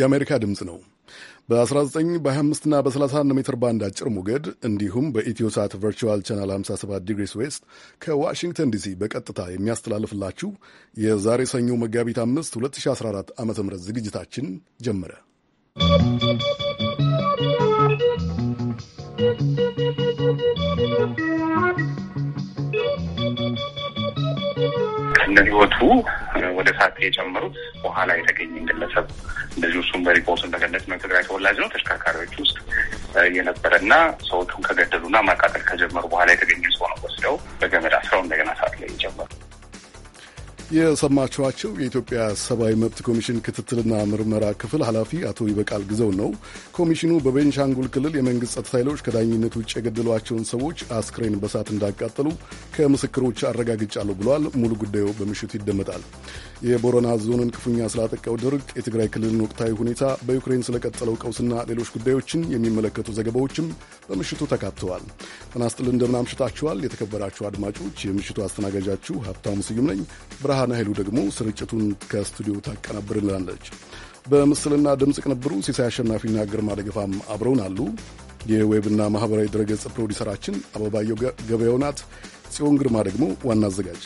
የአሜሪካ ድምፅ ነው። በ19 በ25ና በ31 ሜትር ባንድ አጭር ሞገድ እንዲሁም በኢትዮ ሳት ቨርቹዋል ቻናል 57 ዲግሪስ ዌስት ከዋሽንግተን ዲሲ በቀጥታ የሚያስተላልፍላችሁ የዛሬ ሰኞ መጋቢት 5 2014 ዓ ም ዝግጅታችን ጀመረ። ከነ ህይወቱ ወደ ሳት የጨመሩት በኋላ የተገኘ ግለሰብ እንደዚሁ እሱም በሪፖርት እንደገለጽ ነው ትግራይ ተወላጅ ነው። ተሽከርካሪዎች ውስጥ የነበረና ሰዎቹን ከገደሉና ማቃጠል ከጀመሩ በኋላ የተገኘ ሰው ነው ወስደው በገመድ አስራው እንደገና ሳት ላይ የጨመሩ የሰማችኋቸው የኢትዮጵያ ሰብአዊ መብት ኮሚሽን ክትትልና ምርመራ ክፍል ኃላፊ አቶ ይበቃል ግዘው ነው። ኮሚሽኑ በቤንሻንጉል ክልል የመንግስት ጸጥታ ኃይሎች ከዳኝነት ውጭ የገደሏቸውን ሰዎች አስክሬን በሳት እንዳቃጠሉ ከምስክሮች አረጋግጫለሁ ብሏል። ሙሉ ጉዳዩ በምሽቱ ይደመጣል። የቦረና ዞንን ክፉኛ ስላጠቀው ድርቅ፣ የትግራይ ክልልን ወቅታዊ ሁኔታ፣ በዩክሬን ስለቀጠለው ቀውስና ሌሎች ጉዳዮችን የሚመለከቱ ዘገባዎችም በምሽቱ ተካተዋል። ጥናስጥል ይስጥልኝ፣ እንደምን አምሽታችኋል? የተከበራችሁ አድማጮች፣ የምሽቱ አስተናጋጃችሁ ሀብታሙ ስዩም ነኝ። ብርሃን ኃይሉ ደግሞ ስርጭቱን ከስቱዲዮ ታቀናብርልናለች። በምስልና ድምፅ ቅንብሩ ሲሳይ አሸናፊና ግርማ ደገፋም አብረውን አሉ። የዌብና ማኅበራዊ ድረገጽ ፕሮዲሰራችን አበባየው ገበያው ናት። ጽዮን ግርማ ደግሞ ዋና አዘጋጅ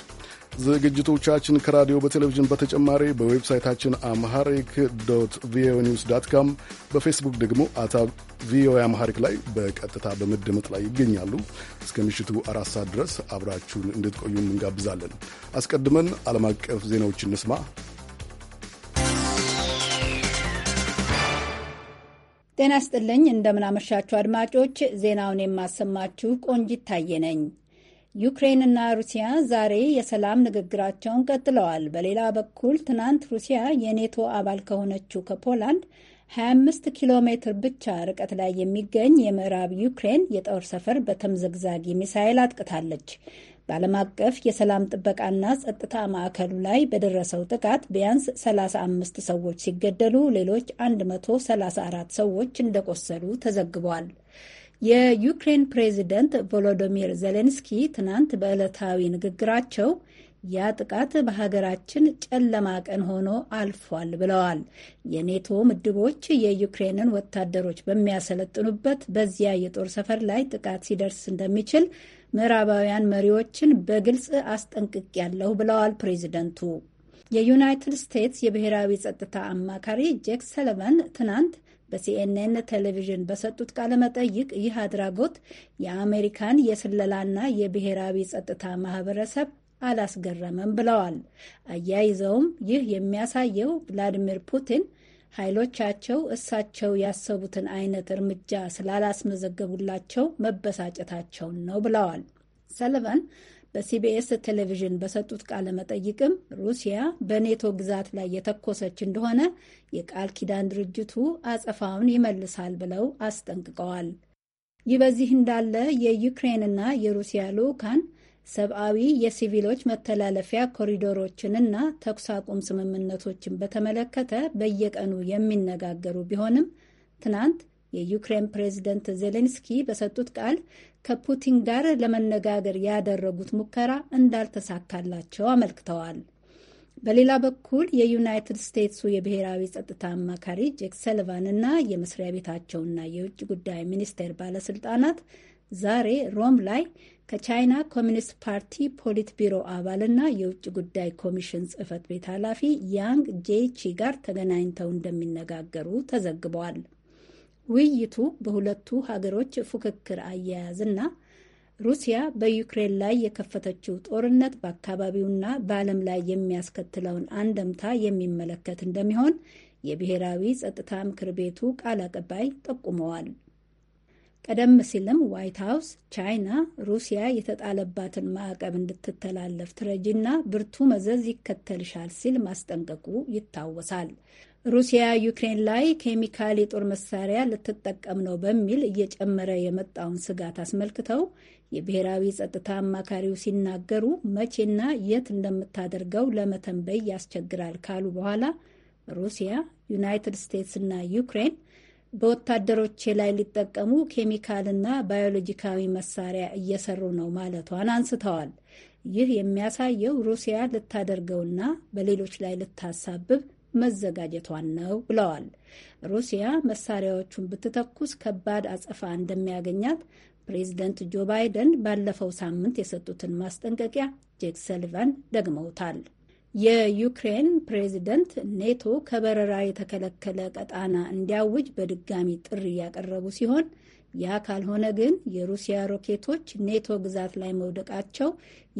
ዝግጅቶቻችን ከራዲዮ በቴሌቪዥን በተጨማሪ በዌብሳይታችን አምሃሪክ ዶት ቪኦኤ ኒውስ ዳት ካም በፌስቡክ ደግሞ አታ ቪኦኤ አምሃሪክ ላይ በቀጥታ በመደመጥ ላይ ይገኛሉ። እስከ ምሽቱ አራት ሰዓት ድረስ አብራችሁን እንድትቆዩ እንጋብዛለን። አስቀድመን ዓለም አቀፍ ዜናዎች እንስማ። ጤና ስጥልኝ፣ እንደምናመሻችሁ አድማጮች፣ ዜናውን የማሰማችሁ ቆንጂት ታየ ነኝ። ዩክሬንና ሩሲያ ዛሬ የሰላም ንግግራቸውን ቀጥለዋል። በሌላ በኩል ትናንት ሩሲያ የኔቶ አባል ከሆነችው ከፖላንድ 25 ኪሎ ሜትር ብቻ ርቀት ላይ የሚገኝ የምዕራብ ዩክሬን የጦር ሰፈር በተምዘግዛጊ ሚሳይል አጥቅታለች። በዓለም አቀፍ የሰላም ጥበቃና ጸጥታ ማዕከሉ ላይ በደረሰው ጥቃት ቢያንስ 35 ሰዎች ሲገደሉ ሌሎች 134 ሰዎች እንደቆሰሉ ተዘግቧል። የዩክሬን ፕሬዚደንት ቮሎዶሚር ዜሌንስኪ ትናንት በዕለታዊ ንግግራቸው ያ ጥቃት በሀገራችን ጨለማ ቀን ሆኖ አልፏል ብለዋል። የኔቶ ምድቦች የዩክሬንን ወታደሮች በሚያሰለጥኑበት በዚያ የጦር ሰፈር ላይ ጥቃት ሲደርስ እንደሚችል ምዕራባውያን መሪዎችን በግልጽ አስጠንቅቄያለሁ ብለዋል ፕሬዚደንቱ። የዩናይትድ ስቴትስ የብሔራዊ ጸጥታ አማካሪ ጄክ ሰለቫን ትናንት በሲኤንኤን ቴሌቪዥን በሰጡት ቃለ መጠይቅ ይህ አድራጎት የአሜሪካን የስለላና የብሔራዊ ጸጥታ ማህበረሰብ አላስገረመም ብለዋል። አያይዘውም ይህ የሚያሳየው ቭላዲሚር ፑቲን ኃይሎቻቸው እሳቸው ያሰቡትን አይነት እርምጃ ስላላስመዘገቡላቸው መበሳጨታቸውን ነው ብለዋል። ሰለቫን በሲቢኤስ ቴሌቪዥን በሰጡት ቃለ መጠይቅም ሩሲያ በኔቶ ግዛት ላይ የተኮሰች እንደሆነ የቃል ኪዳን ድርጅቱ አጸፋውን ይመልሳል ብለው አስጠንቅቀዋል። ይህ በዚህ እንዳለ የዩክሬንና የሩሲያ ልዑካን ሰብአዊ የሲቪሎች መተላለፊያ ኮሪዶሮችንና ተኩስ አቁም ስምምነቶችን በተመለከተ በየቀኑ የሚነጋገሩ ቢሆንም ትናንት የዩክሬን ፕሬዝደንት ዜሌንስኪ በሰጡት ቃል ከፑቲን ጋር ለመነጋገር ያደረጉት ሙከራ እንዳልተሳካላቸው አመልክተዋል። በሌላ በኩል የዩናይትድ ስቴትሱ የብሔራዊ ጸጥታ አማካሪ ጄክ ሰልቫን እና የመስሪያ ቤታቸውና የውጭ ጉዳይ ሚኒስቴር ባለስልጣናት ዛሬ ሮም ላይ ከቻይና ኮሚኒስት ፓርቲ ፖሊት ቢሮ አባልና የውጭ ጉዳይ ኮሚሽን ጽህፈት ቤት ኃላፊ ያንግ ጄቺ ጋር ተገናኝተው እንደሚነጋገሩ ተዘግበዋል። ውይይቱ በሁለቱ ሀገሮች ፉክክር አያያዝና ሩሲያ በዩክሬን ላይ የከፈተችው ጦርነት በአካባቢውና በዓለም ላይ የሚያስከትለውን አንደምታ የሚመለከት እንደሚሆን የብሔራዊ ጸጥታ ምክር ቤቱ ቃል አቀባይ ጠቁመዋል። ቀደም ሲልም ዋይት ሀውስ ቻይና ሩሲያ የተጣለባትን ማዕቀብ እንድትተላለፍ ትረጂና ብርቱ መዘዝ ይከተልሻል ሲል ማስጠንቀቁ ይታወሳል። ሩሲያ ዩክሬን ላይ ኬሚካል የጦር መሳሪያ ልትጠቀም ነው በሚል እየጨመረ የመጣውን ስጋት አስመልክተው የብሔራዊ ጸጥታ አማካሪው ሲናገሩ መቼና የት እንደምታደርገው ለመተንበይ ያስቸግራል ካሉ በኋላ ሩሲያ፣ ዩናይትድ ስቴትስ እና ዩክሬን በወታደሮቼ ላይ ሊጠቀሙ ኬሚካልና ባዮሎጂካዊ መሳሪያ እየሰሩ ነው ማለቷን አንስተዋል። ይህ የሚያሳየው ሩሲያ ልታደርገውና በሌሎች ላይ ልታሳብብ መዘጋጀቷን ነው ብለዋል። ሩሲያ መሳሪያዎቹን ብትተኩስ ከባድ አጸፋ እንደሚያገኛት ፕሬዚደንት ጆ ባይደን ባለፈው ሳምንት የሰጡትን ማስጠንቀቂያ ጄክ ሰሊቫን ደግመውታል። የዩክሬን ፕሬዚደንት ኔቶ ከበረራ የተከለከለ ቀጣና እንዲያውጅ በድጋሚ ጥሪ ያቀረቡ ሲሆን ያ ካልሆነ ግን የሩሲያ ሮኬቶች ኔቶ ግዛት ላይ መውደቃቸው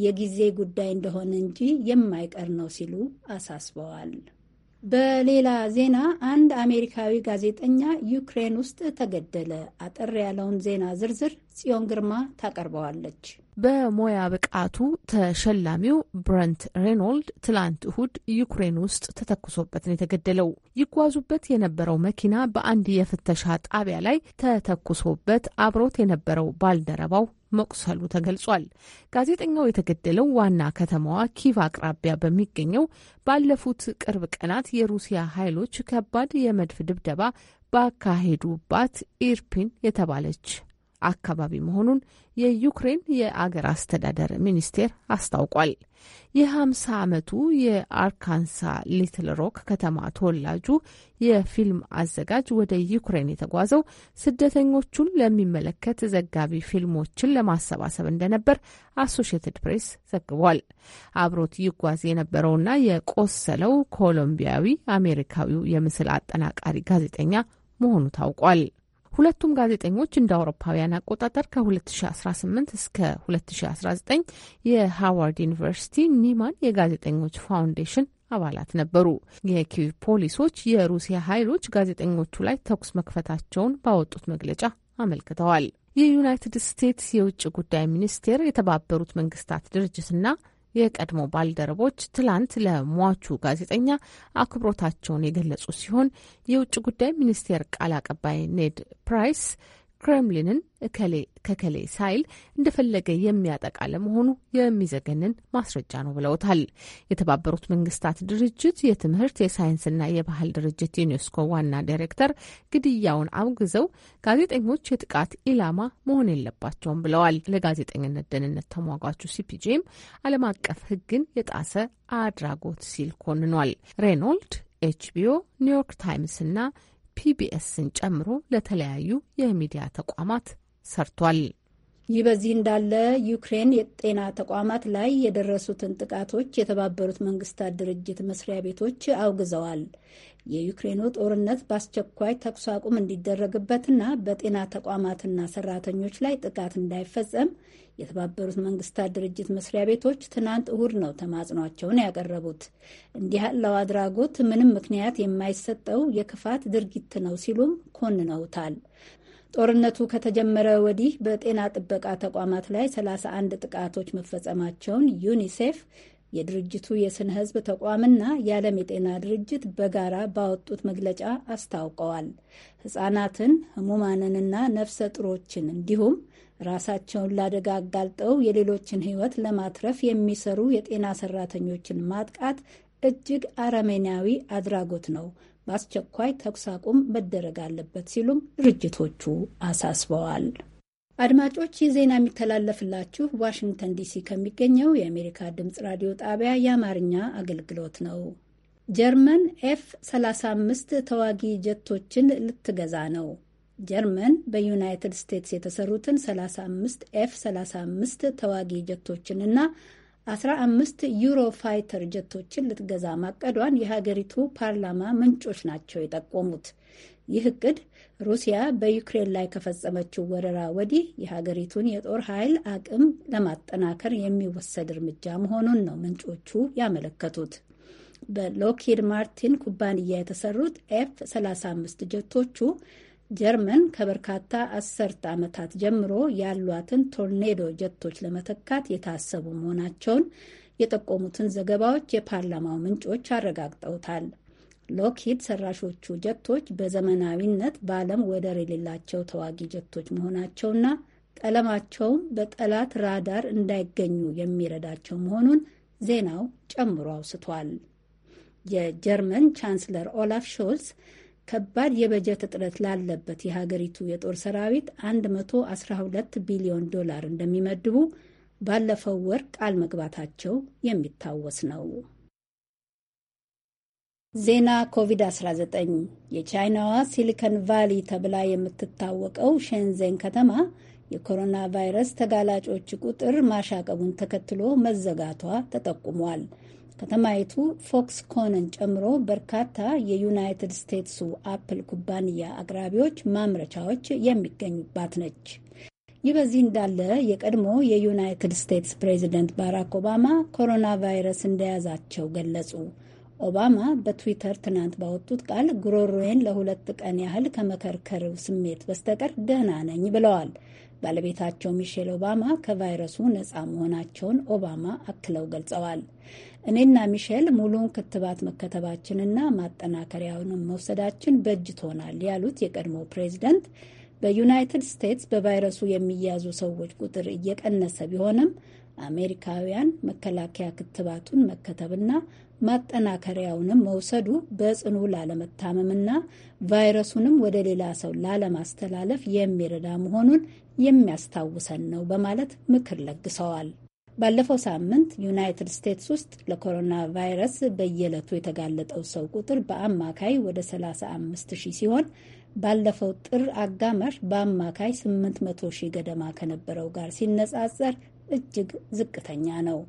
የጊዜ ጉዳይ እንደሆነ እንጂ የማይቀር ነው ሲሉ አሳስበዋል። በሌላ ዜና አንድ አሜሪካዊ ጋዜጠኛ ዩክሬን ውስጥ ተገደለ። አጠር ያለውን ዜና ዝርዝር ጽዮን ግርማ ታቀርበዋለች። በሙያ ብቃቱ ተሸላሚው ብረንት ሬኖልድ ትላንት እሁድ ዩክሬን ውስጥ ተተኩሶበት ነው የተገደለው። ይጓዙበት የነበረው መኪና በአንድ የፍተሻ ጣቢያ ላይ ተተኩሶበት አብሮት የነበረው ባልደረባው መቁሰሉ ተገልጿል። ጋዜጠኛው የተገደለው ዋና ከተማዋ ኪቭ አቅራቢያ በሚገኘው ባለፉት ቅርብ ቀናት የሩሲያ ኃይሎች ከባድ የመድፍ ድብደባ ባካሄዱባት ኢርፒን የተባለች አካባቢ መሆኑን የዩክሬን የአገር አስተዳደር ሚኒስቴር አስታውቋል። የ50 ዓመቱ የአርካንሳ ሊትል ሮክ ከተማ ተወላጁ የፊልም አዘጋጅ ወደ ዩክሬን የተጓዘው ስደተኞቹን ለሚመለከት ዘጋቢ ፊልሞችን ለማሰባሰብ እንደነበር አሶሽየትድ ፕሬስ ዘግቧል። አብሮት ይጓዝ የነበረውና የቆሰለው ኮሎምቢያዊ አሜሪካዊው የምስል አጠናቃሪ ጋዜጠኛ መሆኑ ታውቋል። ሁለቱም ጋዜጠኞች እንደ አውሮፓውያን አቆጣጠር ከ2018 እስከ 2019 የሃዋርድ ዩኒቨርሲቲ ኒማን የጋዜጠኞች ፋውንዴሽን አባላት ነበሩ። የኪዊ ፖሊሶች የሩሲያ ኃይሎች ጋዜጠኞቹ ላይ ተኩስ መክፈታቸውን ባወጡት መግለጫ አመልክተዋል። የዩናይትድ ስቴትስ የውጭ ጉዳይ ሚኒስቴር የተባበሩት መንግስታት ድርጅትና የቀድሞ ባልደረቦች ትላንት ለሟቹ ጋዜጠኛ አክብሮታቸውን የገለጹ ሲሆን የውጭ ጉዳይ ሚኒስቴር ቃል አቀባይ ኔድ ፕራይስ ክሬምሊንን እከሌ ከከሌ ሳይል እንደፈለገ የሚያጠቃ ለመሆኑ የሚዘገንን ማስረጃ ነው ብለውታል። የተባበሩት መንግስታት ድርጅት የትምህርት የሳይንስና የባህል ድርጅት ዩኔስኮ ዋና ዳይሬክተር ግድያውን አውግዘው ጋዜጠኞች የጥቃት ኢላማ መሆን የለባቸውም ብለዋል። ለጋዜጠኝነት ደህንነት ተሟጓቹ ሲፒጄም ዓለም አቀፍ ሕግን የጣሰ አድራጎት ሲል ኮንኗል። ሬኖልድ ኤችቢኦ፣ ኒውዮርክ ታይምስ እና ፒቢኤስን ጨምሮ ለተለያዩ የሚዲያ ተቋማት ሰርቷል። ይህ በዚህ እንዳለ ዩክሬን የጤና ተቋማት ላይ የደረሱትን ጥቃቶች የተባበሩት መንግስታት ድርጅት መስሪያ ቤቶች አውግዘዋል። የዩክሬኑ ጦርነት በአስቸኳይ ተኩስ አቁም እንዲደረግበትና በጤና ተቋማትና ሰራተኞች ላይ ጥቃት እንዳይፈጸም የተባበሩት መንግስታት ድርጅት መስሪያ ቤቶች ትናንት እሁድ ነው ተማጽኗቸውን ያቀረቡት። እንዲህ ያለው አድራጎት ምንም ምክንያት የማይሰጠው የክፋት ድርጊት ነው ሲሉም ኮንነውታል። ጦርነቱ ከተጀመረ ወዲህ በጤና ጥበቃ ተቋማት ላይ 31 ጥቃቶች መፈጸማቸውን ዩኒሴፍ የድርጅቱ የስነ ህዝብ ተቋምና የዓለም የጤና ድርጅት በጋራ ባወጡት መግለጫ አስታውቀዋል። ህጻናትን፣ ህሙማንንና ነፍሰ ጥሮችን እንዲሁም ራሳቸውን ላደጋ አጋልጠው የሌሎችን ህይወት ለማትረፍ የሚሰሩ የጤና ሰራተኞችን ማጥቃት እጅግ አረመኔያዊ አድራጎት ነው በአስቸኳይ ተኩስ አቁም መደረግ አለበት ሲሉም ድርጅቶቹ አሳስበዋል። አድማጮች ይህ ዜና የሚተላለፍላችሁ ዋሽንግተን ዲሲ ከሚገኘው የአሜሪካ ድምጽ ራዲዮ ጣቢያ የአማርኛ አገልግሎት ነው። ጀርመን ኤፍ 35 ተዋጊ ጀቶችን ልትገዛ ነው። ጀርመን በዩናይትድ ስቴትስ የተሰሩትን 35 ኤፍ 35 ተዋጊ ጀቶችንና አስራአምስት ዩሮ ፋይተር ጀቶችን ልትገዛ ማቀዷን የሀገሪቱ ፓርላማ ምንጮች ናቸው የጠቆሙት። ይህ እቅድ ሩሲያ በዩክሬን ላይ ከፈጸመችው ወረራ ወዲህ የሀገሪቱን የጦር ኃይል አቅም ለማጠናከር የሚወሰድ እርምጃ መሆኑን ነው ምንጮቹ ያመለከቱት። በሎኪድ ማርቲን ኩባንያ የተሰሩት ኤፍ 35 ጀቶቹ ጀርመን ከበርካታ አስርተ ዓመታት ጀምሮ ያሏትን ቶርኔዶ ጀቶች ለመተካት የታሰቡ መሆናቸውን የጠቆሙትን ዘገባዎች የፓርላማው ምንጮች አረጋግጠውታል። ሎክሂድ ሰራሾቹ ጀቶች በዘመናዊነት በዓለም ወደር የሌላቸው ተዋጊ ጀቶች መሆናቸውና ቀለማቸውም በጠላት ራዳር እንዳይገኙ የሚረዳቸው መሆኑን ዜናው ጨምሮ አውስቷል። የጀርመን ቻንስለር ኦላፍ ሾልስ ከባድ የበጀት እጥረት ላለበት የሀገሪቱ የጦር ሰራዊት 112 ቢሊዮን ዶላር እንደሚመድቡ ባለፈው ወር ቃል መግባታቸው የሚታወስ ነው። ዜና ኮቪድ-19 የቻይናዋ ሲሊከን ቫሊ ተብላ የምትታወቀው ሼንዘን ከተማ የኮሮና ቫይረስ ተጋላጮች ቁጥር ማሻቀቡን ተከትሎ መዘጋቷ ተጠቁሟል። ከተማይቱ ፎክስኮንን ጨምሮ በርካታ የዩናይትድ ስቴትሱ አፕል ኩባንያ አቅራቢዎች ማምረቻዎች የሚገኙባት ነች። ይህ በዚህ እንዳለ የቀድሞ የዩናይትድ ስቴትስ ፕሬዚደንት ባራክ ኦባማ ኮሮና ቫይረስ እንደያዛቸው ገለጹ። ኦባማ በትዊተር ትናንት ባወጡት ቃል ጉሮሮዬን ለሁለት ቀን ያህል ከመከርከሪው ስሜት በስተቀር ደህና ነኝ ብለዋል። ባለቤታቸው ሚሼል ኦባማ ከቫይረሱ ነፃ መሆናቸውን ኦባማ አክለው ገልጸዋል። እኔና ሚሼል ሙሉውን ክትባት መከተባችንና ማጠናከሪያውንም መውሰዳችን በእጅ ትሆናል ያሉት የቀድሞ ፕሬዚደንት በዩናይትድ ስቴትስ በቫይረሱ የሚያዙ ሰዎች ቁጥር እየቀነሰ ቢሆንም አሜሪካውያን መከላከያ ክትባቱን መከተብና ማጠናከሪያውንም መውሰዱ በጽኑ ላለመታመምና ቫይረሱንም ወደ ሌላ ሰው ላለማስተላለፍ የሚረዳ መሆኑን የሚያስታውሰን ነው በማለት ምክር ለግሰዋል። ባለፈው ሳምንት ዩናይትድ ስቴትስ ውስጥ ለኮሮና ቫይረስ በየዕለቱ የተጋለጠው ሰው ቁጥር በአማካይ ወደ 35 ሺህ ሲሆን ባለፈው ጥር አጋማሽ በአማካይ 800 ሺህ ገደማ ከነበረው ጋር ሲነጻጸር እጅግ ዝቅተኛ ነው።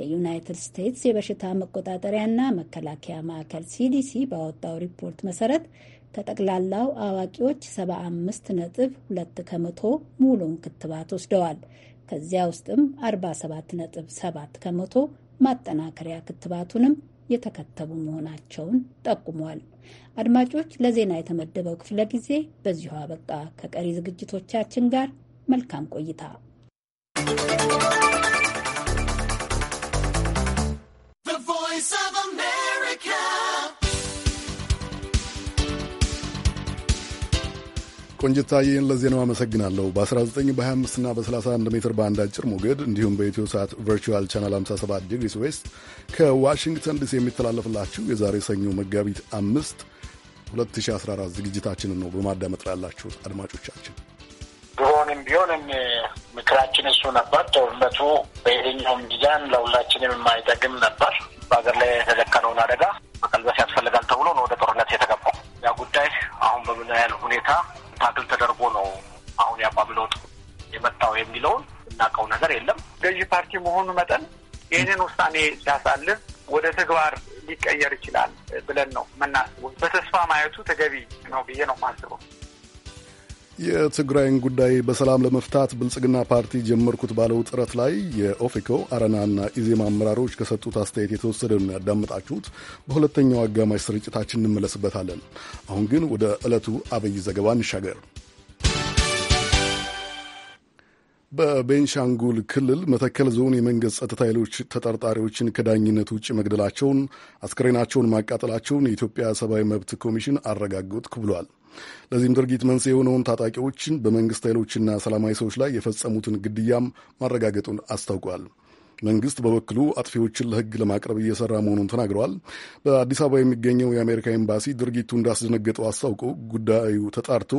የዩናይትድ ስቴትስ የበሽታ መቆጣጠሪያና መከላከያ ማዕከል ሲዲሲ ባወጣው ሪፖርት መሰረት ከጠቅላላው አዋቂዎች 75 ነጥብ 2 ከመቶ ሙሉን ክትባት ወስደዋል። ከዚያ ውስጥም 47.7 ከመቶ ማጠናከሪያ ክትባቱንም የተከተቡ መሆናቸውን ጠቁሟል። አድማጮች፣ ለዜና የተመደበው ክፍለ ጊዜ በዚሁ አበቃ። ከቀሪ ዝግጅቶቻችን ጋር መልካም ቆይታ ቆንጅታዬን ለዜናው አመሰግናለሁ። በ19 በ25 እና በ31 ሜትር ባንድ አጭር ሞገድ እንዲሁም በኢትዮ ሰዓት ቨርቹዋል ቻናል 57 ዲግሪስ ዌስት ከዋሽንግተን ዲሲ የሚተላለፍላችሁ የዛሬ ሰኞ መጋቢት 5 2014 ዝግጅታችንን ነው በማዳመጥ አድማጮቻችን። ድሮንም ቢሆን ምክራችን እሱ ነበር። ጦርነቱ በየትኛው ሚዛን ለሁላችንም የማይጠቅም ነበር። በሀገር ላይ የተዘከረውን አደጋ መቀልበስ ያስፈልጋል ተብሎ ነው ወደ ጦርነት የተገባው። ያ ጉዳይ አሁን በምን ያህል ሁኔታ ታክል ተደርጎ ነው አሁን የአቋም ለውጥ የመጣው የሚለውን እናውቀው ነገር የለም። ገዢ ፓርቲ መሆኑ መጠን ይህንን ውሳኔ ሲያሳልፍ ወደ ተግባር ሊቀየር ይችላል ብለን ነው የምናስበው። በተስፋ ማየቱ ተገቢ ነው ብዬ ነው የማስበው። የትግራይን ጉዳይ በሰላም ለመፍታት ብልጽግና ፓርቲ ጀመርኩት ባለው ጥረት ላይ የኦፌኮ አረናና ኢዜማ አመራሮች ከሰጡት አስተያየት የተወሰደ ነው ያዳመጣችሁት። በሁለተኛው አጋማሽ ስርጭታችን እንመለስበታለን። አሁን ግን ወደ ዕለቱ አብይ ዘገባ እንሻገር። በቤንሻንጉል ክልል መተከል ዞን የመንግስት ጸጥታ ኃይሎች ተጠርጣሪዎችን ከዳኝነት ውጭ መግደላቸውን፣ አስክሬናቸውን ማቃጠላቸውን የኢትዮጵያ ሰብአዊ መብት ኮሚሽን አረጋገጥኩ ብሏል። ለዚህም ድርጊት መንስኤ የሆነውን ታጣቂዎችን በመንግስት ኃይሎችና ሰላማዊ ሰዎች ላይ የፈጸሙትን ግድያም ማረጋገጡን አስታውቋል። መንግስት በበኩሉ አጥፊዎችን ለሕግ ለማቅረብ እየሰራ መሆኑን ተናግረዋል። በአዲስ አበባ የሚገኘው የአሜሪካ ኤምባሲ ድርጊቱ እንዳስደነገጠው አስታውቆ ጉዳዩ ተጣርቶ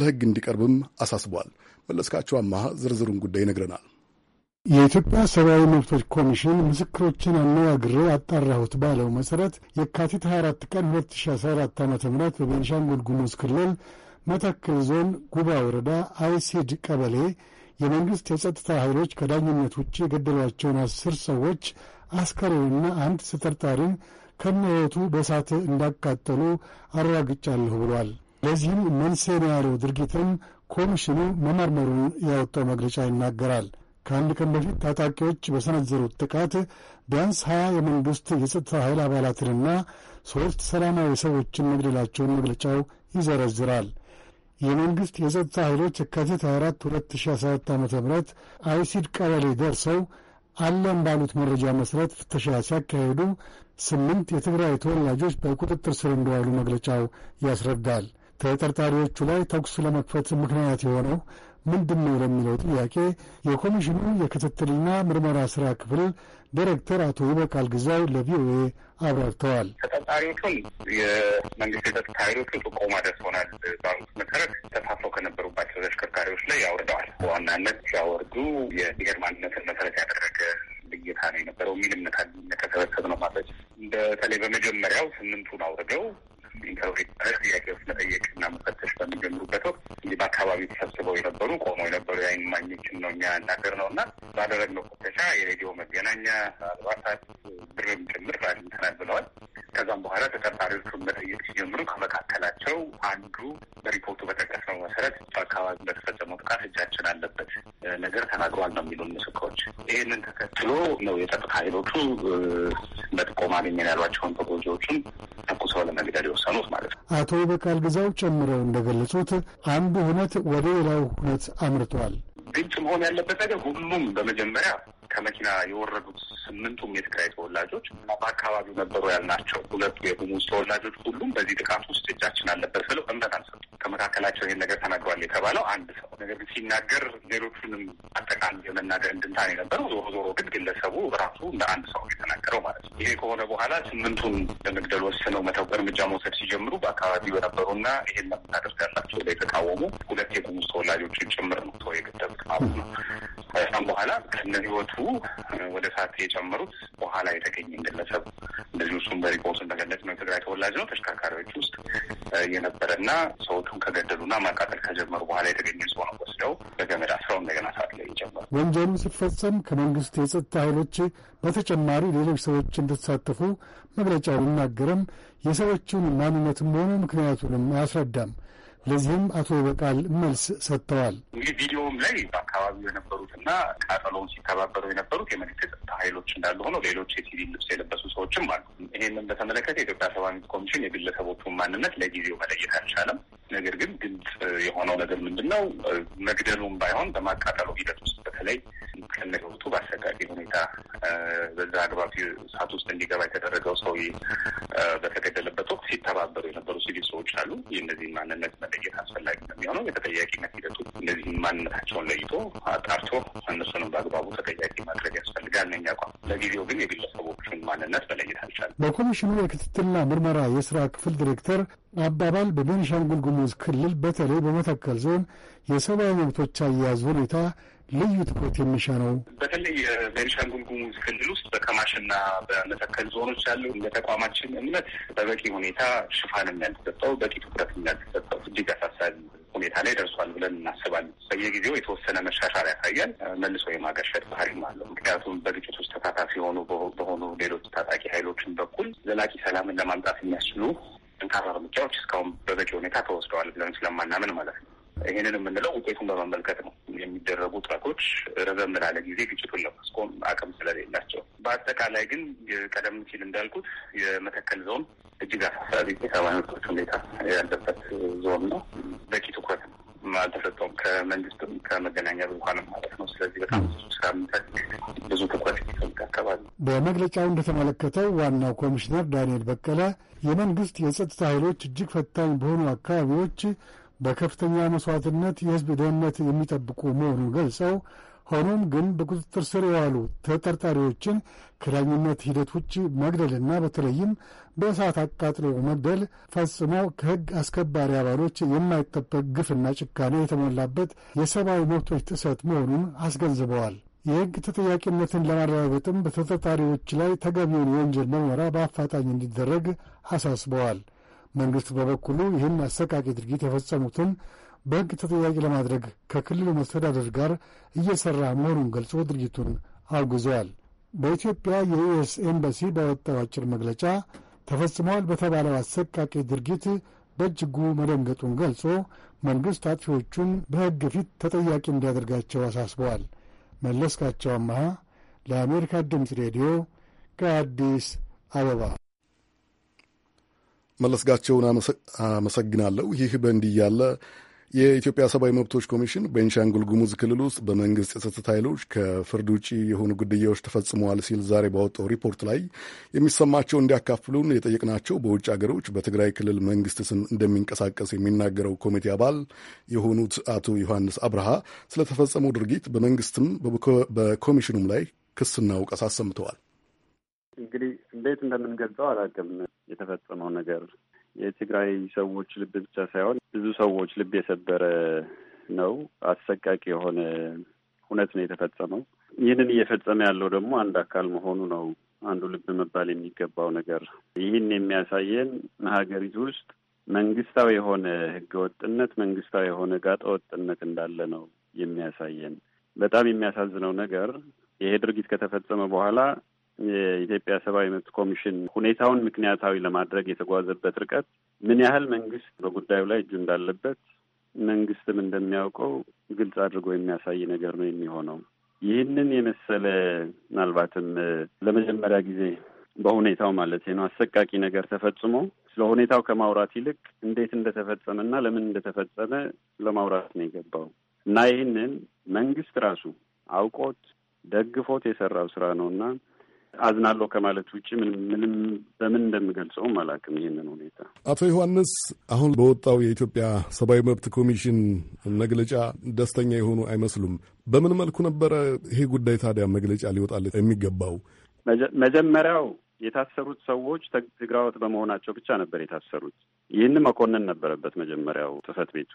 ለሕግ እንዲቀርብም አሳስቧል። መለስካቸው አማሃ ዝርዝሩን ጉዳይ ይነግረናል። የኢትዮጵያ ሰብአዊ መብቶች ኮሚሽን ምስክሮችን አነጋግሬ አጣራሁት ባለው መሠረት የካቲት 24 ቀን 2014 ዓ ም በቤንሻንጉል ጉሙዝ ክልል መተክል ዞን ጉባ ወረዳ አይሲድ ቀበሌ የመንግሥት የጸጥታ ኃይሎች ከዳኝነት ውጭ የገደሏቸውን አስር ሰዎች አስከሬንና አንድ ተጠርጣሪን ከነሕይወቱ በእሳት እንዳቃጠሉ አረጋግጫለሁ ብሏል። ለዚህም መንስኤ ነው ያለው ድርጊትም ኮሚሽኑ መመርመሩን ያወጣው መግለጫ ይናገራል። ከአንድ ቀን በፊት ታጣቂዎች በሰነዘሩት ጥቃት ቢያንስ ሀያ የመንግሥት የጸጥታ ኃይል አባላትንና ሦስት ሰላማዊ ሰዎችን መግደላቸውን መግለጫው ይዘረዝራል። የመንግሥት የጸጥታ ኃይሎች የካቲት 24 2014 ዓ ም አይሲድ ቀበሌ ደርሰው አለም ባሉት መረጃ መሠረት ፍተሻ ሲያካሄዱ ስምንት የትግራይ ተወላጆች በቁጥጥር ስር እንደዋሉ መግለጫው ያስረዳል። ተጠርጣሪዎቹ ላይ ተኩስ ለመክፈት ምክንያት የሆነው ምንድን ነው ለሚለው ጥያቄ የኮሚሽኑ የክትትልና ምርመራ ስራ ክፍል ዳይሬክተር አቶ ይበቃል ግዛው ለቪኦኤ አብራርተዋል። ተጠርጣሪዎቹን የመንግስት የጸጥታ ኃይሎቹ ጥቆማ ደርሶናል ባሉት መሰረት ተሳፍረው ከነበሩባቸው ተሽከርካሪዎች ላይ ያወርደዋል። በዋናነት ሲያወርዱ የብሔር ማንነትን መሰረት ያደረገ ልየታ ነው የነበረው የሚል እምነት ነው ማስረጃ በተለይ በመጀመሪያው ስምንቱን አውርደው ኢንተሮጌት ጥያቄዎች መጠየቅ እና መፈተሽ በሚጀምሩበት ወቅት እንዲህ በአካባቢ ተሰብስበው የነበሩ ቆመው የነበሩ የአይን ማኞችን ነው እኛ ነው እና ባደረግነው ፍተሻ የሬዲዮ መገናኛ፣ አልባሳት፣ ብርም ጭምር ባግኝተናል ብለዋል። ከዛም በኋላ ተጠርጣሪዎቹን መጠየቅ ሲጀምሩ ከመካከላቸው አንዱ በሪፖርቱ በጠቀስነው መሰረት በአካባቢ በተፈጸመው ጥቃት እጃችን አለበት ነገር ተናግሯል ነው የሚሉን ምስክሮች። ይህንን ተከትሎ ነው የጸጥታ ኃይሎቹ በጥቆማ አገኘን ያሏቸውን ተጎጂዎቹን ተኩሰው ለመግደል የወሰኑት ማለት ነው። አቶ በቃል ግዛው ጨምረው እንደገለጹት አንዱ እውነት ወደ ሌላው እውነት አምርቷል። ግልጽ መሆን ያለበት ነገር ሁሉም በመጀመሪያ ከመኪና የወረዱት ስምንቱም የትግራይ ተወላጆች እና በአካባቢው ነበሩ ያልናቸው ሁለቱ የጉሙዝ ተወላጆች ሁሉም በዚህ ጥቃት ውስጥ እጃችን አለበት ብለው እምነት አልሰጡም። ከመካከላቸው ይህን ነገር ተናግሯል የተባለው አንድ ሰው ነገር ግን ሲናገር ሌሎቹንም አጠቃላይ የመናገር እንድንታን የነበረው ዞሮ ዞሮ ግን ግለሰቡ ራሱ እንደ አንድ ሰው የተናገረው ማለት ነው። ይሄ ከሆነ በኋላ ስምንቱን ለመግደል ወስነው መተው እርምጃ መውሰድ ሲጀምሩ በአካባቢው የነበሩና ይሄን ለምናደርግ ያላቸው ላይ የተቃወሙ ሁለት የጉሙዝ ተወላጆችን ጭምር ነው ሰው የገደሉት ማለት ነው። ከዛም በኋላ ከነ ህይወቱ ወደ እሳት የጨመሩት በኋላ የተገኘ ግለሰብ እንደዚሁ እሱም በሪፖርት እንደገለጽ ነው የትግራይ ተወላጅ ነው። ተሽከርካሪዎች ውስጥ የነበረ እና ሰዎቹን ከገደሉ ከገደሉና ማቃጠል ከጀመሩ በኋላ የተገኘ ሰው ነው። ወስደው በገመድ አስረው እንደገና ሰዓት ላይ የጨመሩ። ወንጀሉ ሲፈጸም ከመንግስት የጸጥታ ኃይሎች በተጨማሪ ሌሎች ሰዎች እንደተሳተፉ መግለጫው ቢናገርም የሰዎችን ማንነትም ሆነ ምክንያቱንም አያስረዳም። ለዚህም አቶ በቃል መልስ ሰጥተዋል። እንግዲህ ቪዲዮውም ላይ በአካባቢው የነበሩት እና ቃጠሎውን ሲተባበሩ የነበሩት የመንግስት የጸጥታ ኃይሎች እንዳሉ ሆነው ሌሎች የሲቪል ልብስ የለበሱ ሰዎችም አሉ። ይህንን በተመለከተ የኢትዮጵያ ሰብዓዊ መብቶች ኮሚሽን የግለሰቦቹን ማንነት ለጊዜው መለየት አልቻለም። ነገር ግን ግልጽ የሆነው ነገር ምንድን ነው? መግደሉም ባይሆን በማቃጠሉ ሂደት ውስጥ በተለይ ለውጡ በአሰቃቂ ሁኔታ በዛ አግባብ እሳት ውስጥ እንዲገባ የተደረገው ሰው በተገደለበት ወቅት ሲተባበሩ የነበሩ ሲቪል ሰዎች አሉ። ይህ ማንነት መለየት አስፈላጊ ነው የሚሆነው። የተጠያቂነት ሂደቱ እነዚህን ማንነታቸውን ለይቶ አጣርቶ እነሱንም በአግባቡ ተጠያቂ ማድረግ ያስፈልጋል ነው አቋም። ለጊዜው ግን የግለሰቦቹን ማንነት መለየት አልቻለም። በኮሚሽኑ የክትትልና ምርመራ የስራ ክፍል ዲሬክተር አባባል በቤኒሻንጉል ጉሙዝ ክልል በተለይ በመተከል ዞን የሰብአዊ መብቶች አያያዝ ሁኔታ ልዩ ትኩረት የሚሻ ነው። በተለይ በቤኒሻንጉል ጉሙዝ ክልል ውስጥ በከማሽና በመተከል ዞኖች ያሉ እንደ ተቋማችን እምነት በበቂ ሁኔታ ሽፋን ያልተሰጠው በቂ ትኩረት ያልተሰጠው እጅግ አሳሳቢ ሁኔታ ላይ ደርሷል ብለን እናስባለን። በየጊዜው የተወሰነ መሻሻል ያሳያል። መልሶ የማገርሸት ባህሪም አለው። ምክንያቱም በግጭት ውስጥ ተሳታፊ የሆኑ በሆኑ ሌሎች ታጣቂ ኃይሎችን በኩል ዘላቂ ሰላምን ለማምጣት የሚያስችሉ ጠንካራ እርምጃዎች እስካሁን በበቂ ሁኔታ ተወስደዋል ብለን ስለማናምን ማለት ነው። ይህንን የምንለው ውጤቱን በመመልከት ነው። የሚደረጉ ጥረቶች ረዘም ላለ ጊዜ ግጭቱን ለማስቆም አቅም ስለሌላቸው፣ በአጠቃላይ ግን ቀደም ሲል እንዳልኩት የመተከል ዞን እጅግ አሳሳቢ የሰብአዊ መብቶች ሁኔታ ያለበት ዞን ነው። በቂ ትኩረት አልተሰጠውም፣ ከመንግስትም ከመገናኛ ብዙሀንም ማለት ነው። ስለዚህ በጣም ብዙ ስራ ብዙ ትኩረት የሚፈልግ አካባቢ። በመግለጫው እንደተመለከተው ዋናው ኮሚሽነር ዳንኤል በቀለ የመንግስት የጸጥታ ኃይሎች እጅግ ፈታኝ በሆኑ አካባቢዎች በከፍተኛ መስዋዕትነት የህዝብ ደህንነት የሚጠብቁ መሆኑን ገልጸው ሆኖም ግን በቁጥጥር ስር የዋሉ ተጠርጣሪዎችን ከዳኝነት ሂደት ውጭ መግደልና በተለይም በእሳት አቃጥሎ መግደል ፈጽሞ ከህግ አስከባሪ አባሎች የማይጠበቅ ግፍና ጭካኔ የተሞላበት የሰብአዊ መብቶች ጥሰት መሆኑን አስገንዝበዋል። የህግ ተጠያቂነትን ለማረጋገጥም በተጠርጣሪዎች ላይ ተገቢውን የወንጀል ምርመራ በአፋጣኝ እንዲደረግ አሳስበዋል። መንግስት በበኩሉ ይህን አሰቃቂ ድርጊት የፈጸሙትን በሕግ ተጠያቂ ለማድረግ ከክልሉ መስተዳደር ጋር እየሠራ መሆኑን ገልጾ ድርጊቱን አውግዘዋል። በኢትዮጵያ የዩኤስ ኤምባሲ ባወጣው አጭር መግለጫ ተፈጽመዋል በተባለው አሰቃቂ ድርጊት በእጅጉ መደንገጡን ገልጾ መንግሥት አጥፊዎቹን በሕግ ፊት ተጠያቂ እንዲያደርጋቸው አሳስበዋል። መለስካቸው አመሃ ለአሜሪካ ድምፅ ሬዲዮ ከአዲስ አበባ መለስጋቸውን አመሰግናለሁ። ይህ በእንዲህ ያለ የኢትዮጵያ ሰብአዊ መብቶች ኮሚሽን ቤንሻንጉል ጉሙዝ ክልል ውስጥ በመንግስት የጸጥታ ኃይሎች ከፍርድ ውጭ የሆኑ ግድያዎች ተፈጽመዋል ሲል ዛሬ ባወጣው ሪፖርት ላይ የሚሰማቸው እንዲያካፍሉን የጠየቅናቸው በውጭ ሀገሮች በትግራይ ክልል መንግስት ስም እንደሚንቀሳቀስ የሚናገረው ኮሚቴ አባል የሆኑት አቶ ዮሐንስ አብርሃ ስለተፈጸመው ድርጊት በመንግስትም በኮሚሽኑም ላይ ክስና ውቀሳ አሰምተዋል። እንግዲህ እንዴት እንደምንገልጸው አላውቅም። የተፈጸመው ነገር የትግራይ ሰዎች ልብ ብቻ ሳይሆን ብዙ ሰዎች ልብ የሰበረ ነው። አሰቃቂ የሆነ እውነት ነው የተፈጸመው። ይህንን እየፈጸመ ያለው ደግሞ አንድ አካል መሆኑ ነው አንዱ ልብ መባል የሚገባው ነገር። ይህን የሚያሳየን ሀገሪቱ ውስጥ መንግስታዊ የሆነ ህገወጥነት፣ መንግስታዊ የሆነ ወጥነት እንዳለ ነው የሚያሳየን። በጣም የሚያሳዝነው ነገር ይሄ ድርጊት ከተፈጸመ በኋላ የኢትዮጵያ ሰብአዊ መብት ኮሚሽን ሁኔታውን ምክንያታዊ ለማድረግ የተጓዘበት ርቀት ምን ያህል መንግስት በጉዳዩ ላይ እጁ እንዳለበት መንግስትም እንደሚያውቀው ግልጽ አድርጎ የሚያሳይ ነገር ነው የሚሆነው። ይህንን የመሰለ ምናልባትም ለመጀመሪያ ጊዜ በሁኔታው ማለት ነው አሰቃቂ ነገር ተፈጽሞ ስለ ሁኔታው ከማውራት ይልቅ እንዴት እንደተፈጸመ እና ለምን እንደተፈጸመ ለማውራት ነው የገባው እና ይህንን መንግስት ራሱ አውቆት ደግፎት የሰራው ስራ ነው እና አዝናለሁ ከማለት ውጭ ምንም በምን እንደምገልጸውም አላውቅም ይህንን ሁኔታ። አቶ ዮሐንስ አሁን በወጣው የኢትዮጵያ ሰብአዊ መብት ኮሚሽን መግለጫ ደስተኛ የሆኑ አይመስሉም። በምን መልኩ ነበረ ይሄ ጉዳይ ታዲያ መግለጫ ሊወጣለት የሚገባው? መጀመሪያው የታሰሩት ሰዎች ትግራዎት በመሆናቸው ብቻ ነበር የታሰሩት። ይህንን መኮንን ነበረበት መጀመሪያው ጽህፈት ቤቱ።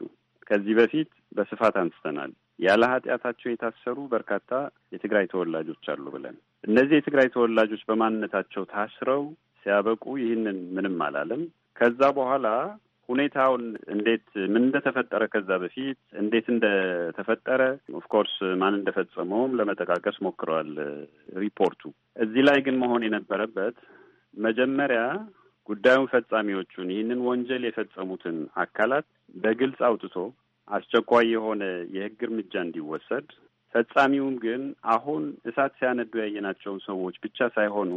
ከዚህ በፊት በስፋት አንስተናል። ያለ ኃጢአታቸው የታሰሩ በርካታ የትግራይ ተወላጆች አሉ ብለን እነዚህ የትግራይ ተወላጆች በማንነታቸው ታስረው ሲያበቁ ይህንን ምንም አላለም። ከዛ በኋላ ሁኔታውን እንዴት ምን እንደተፈጠረ ከዛ በፊት እንዴት እንደተፈጠረ ኦፍኮርስ ማን እንደፈጸመውም ለመጠቃቀስ ሞክረዋል ሪፖርቱ። እዚህ ላይ ግን መሆን የነበረበት መጀመሪያ ጉዳዩን ፈጻሚዎቹን ይህንን ወንጀል የፈጸሙትን አካላት በግልጽ አውጥቶ አስቸኳይ የሆነ የሕግ እርምጃ እንዲወሰድ ፈጻሚውም ግን አሁን እሳት ሲያነዱ ያየናቸውን ሰዎች ብቻ ሳይሆኑ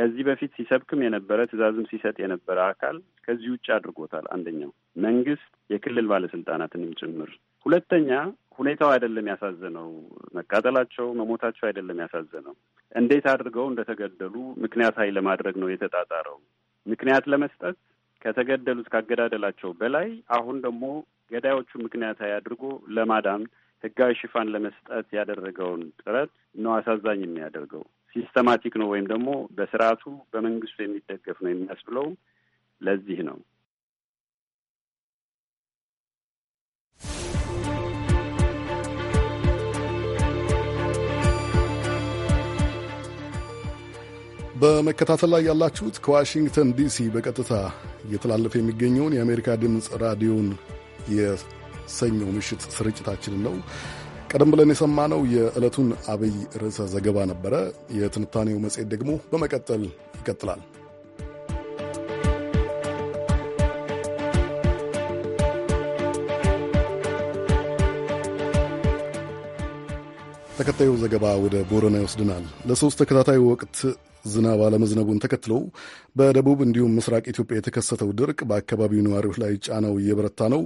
ከዚህ በፊት ሲሰብክም የነበረ ትዕዛዝም ሲሰጥ የነበረ አካል ከዚህ ውጭ አድርጎታል። አንደኛው መንግስት፣ የክልል ባለስልጣናትንም ጭምር። ሁለተኛ ሁኔታው አይደለም ያሳዘነው፣ መቃጠላቸው፣ መሞታቸው አይደለም ያሳዘነው፣ እንዴት አድርገው እንደተገደሉ ምክንያታዊ ለማድረግ ነው የተጣጣረው። ምክንያት ለመስጠት ከተገደሉት ካገዳደላቸው በላይ አሁን ደግሞ ገዳዮቹ ምክንያታዊ አድርጎ ለማዳም ህጋዊ ሽፋን ለመስጠት ያደረገውን ጥረት ነው አሳዛኝ የሚያደርገው። ሲስተማቲክ ነው ወይም ደግሞ በስርዓቱ በመንግስቱ የሚደገፍ ነው የሚያስብለው ለዚህ ነው። በመከታተል ላይ ያላችሁት ከዋሽንግተን ዲሲ በቀጥታ እየተላለፈ የሚገኘውን የአሜሪካ ድምፅ ራዲዮን የሰኞ ምሽት ስርጭታችንን ነው። ቀደም ብለን የሰማነው የዕለቱን አብይ ርዕሰ ዘገባ ነበረ። የትንታኔው መጽሔት ደግሞ በመቀጠል ይቀጥላል። ተከታዩ ዘገባ ወደ ቦረና ይወስድናል። ለሶስት ተከታታይ ወቅት ዝናብ አለመዝነቡን ተከትሎ በደቡብ እንዲሁም ምስራቅ ኢትዮጵያ የተከሰተው ድርቅ በአካባቢው ነዋሪዎች ላይ ጫናው እየበረታ ነው።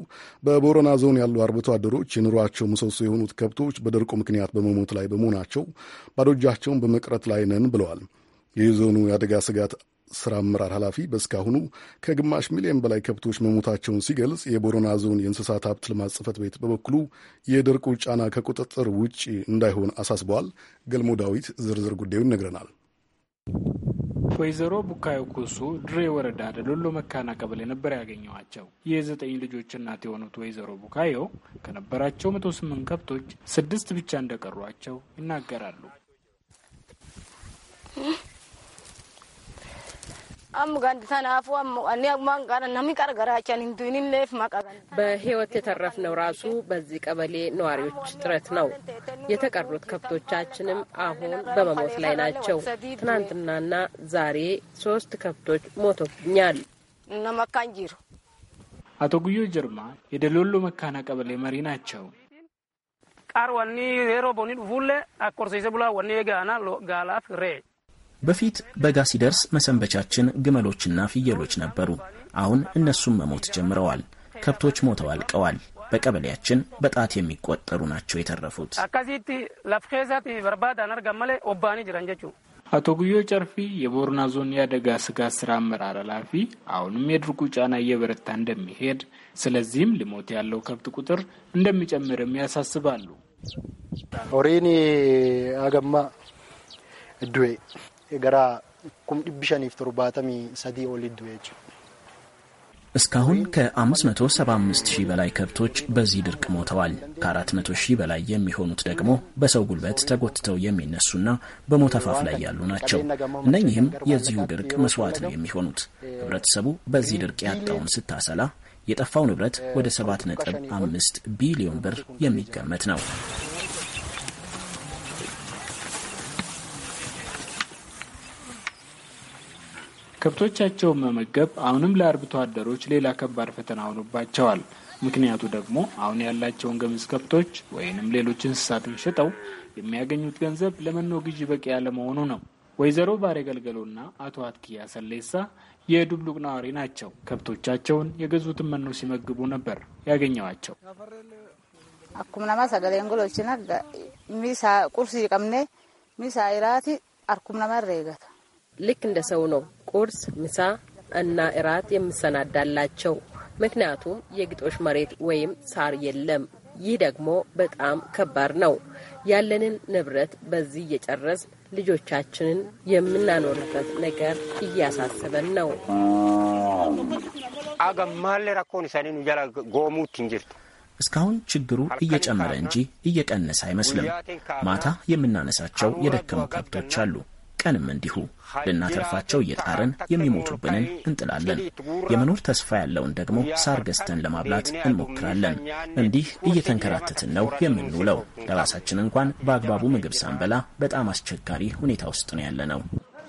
በቦረና ዞን ያሉ አርብቶ አደሮች የኑሯቸው ምሰሶ የሆኑት ከብቶች በድርቁ ምክንያት በመሞት ላይ በመሆናቸው ባዶ እጃቸውን በመቅረት ላይ ነን ብለዋል። የዞኑ የአደጋ ስጋት ስራ አመራር ኃላፊ በእስካሁኑ ከግማሽ ሚሊዮን በላይ ከብቶች መሞታቸውን ሲገልጽ የቦረና ዞን የእንስሳት ሀብት ልማት ጽሕፈት ቤት በበኩሉ የድርቁ ጫና ከቁጥጥር ውጪ እንዳይሆን አሳስበዋል። ገልሞ ዳዊት ዝርዝር ጉዳዩን ይነግረናል። ወይዘሮ ቡካዮ ኩሱ ድሬ ወረዳ ደሎሎ መካና ቀበሌ ነበር ያገኘዋቸው። የዘጠኝ ልጆች እናት የሆኑት ወይዘሮ ቡካዮ ከነበራቸው መቶ ስምንት ከብቶች ስድስት ብቻ እንደቀሯቸው ይናገራሉ። በህይወት የተረፍነው ራሱ በዚህ ቀበሌ ነዋሪዎች ጥረት ነው። የተቀሩት ከብቶቻችንም አሁን በመሞት ላይ ናቸው። ትናንትናና ዛሬ ሶስት ከብቶች ሞቶብኛል። አቶ ጉዮ ጀርማ የደሎሎ መካና ቀበሌ መሪ ናቸው። ቃር ወኒ ሄሮ ቦኒ ፉሌ አኮርሴ ብላ ወኒ ጋና ጋላፍ ሬ በፊት በጋ ሲደርስ መሰንበቻችን ግመሎችና ፍየሎች ነበሩ። አሁን እነሱም መሞት ጀምረዋል። ከብቶች ሞተው አልቀዋል። በቀበሌያችን በጣት የሚቆጠሩ ናቸው የተረፉት። አቶ ጉዮ ጨርፊ የቦርና ዞን የአደጋ ስጋት ስራ አመራር ኃላፊ፣ አሁንም የድርቁ ጫና እየበረታ እንደሚሄድ ስለዚህም ልሞት ያለው ከብት ቁጥር እንደሚጨምርም ያሳስባሉ። ኦሬኒ አገማ እድዌ gara kum dhibbi shaniif torbaatamii sadii ol iddoo jechuudha. እስካሁን ከ575 ሺህ በላይ ከብቶች በዚህ ድርቅ ሞተዋል። ከ400 ሺህ በላይ የሚሆኑት ደግሞ በሰው ጉልበት ተጎትተው የሚነሱና በሞት አፋፍ ላይ ያሉ ናቸው። እነኚህም የዚሁ ድርቅ መስዋዕት ነው የሚሆኑት። ህብረተሰቡ በዚህ ድርቅ ያጣውን ስታሰላ የጠፋው ንብረት ወደ 7.5 ቢሊዮን ብር የሚገመት ነው። ከብቶቻቸውን መመገብ አሁንም ለአርብቶ አደሮች ሌላ ከባድ ፈተና ሆኖባቸዋል። ምክንያቱ ደግሞ አሁን ያላቸውን ገምዝ ከብቶች ወይንም ሌሎች እንስሳትን ሽጠው የሚያገኙት ገንዘብ ለመኖ ግዢ በቂ ያለመሆኑ ነው። ወይዘሮ ባሬ ገልገሎና አቶ አትኪያ ሰሌሳ የዱብሉቅ ነዋሪ ናቸው። ከብቶቻቸውን የገዙትን መኖ ሲመግቡ ነበር ያገኘዋቸው። አኩምናማ ሰገሌን ጎሎችና ሚሳ ቁርስ ይቀምኔ ሚሳ ይራቲ አርኩምናማ ረገታ ልክ እንደ ሰው ነው ቁርስ፣ ምሳ እና እራት የምሰናዳላቸው። ምክንያቱም የግጦሽ መሬት ወይም ሳር የለም። ይህ ደግሞ በጣም ከባድ ነው። ያለንን ንብረት በዚህ እየጨረስ ልጆቻችንን የምናኖርበት ነገር እያሳሰበን ነው። እስካሁን ችግሩ እየጨመረ እንጂ እየቀነሰ አይመስልም። ማታ የምናነሳቸው የደከሙ ከብቶች አሉ። ቀንም እንዲሁ ልናተርፋቸው እየጣርን የሚሞቱብንን እንጥላለን። የመኖር ተስፋ ያለውን ደግሞ ሳር ገዝተን ለማብላት እንሞክራለን። እንዲህ እየተንከራተትን ነው የምንውለው። ለራሳችን እንኳን በአግባቡ ምግብ ሳንበላ በጣም አስቸጋሪ ሁኔታ ውስጥ ነው ያለ ነው።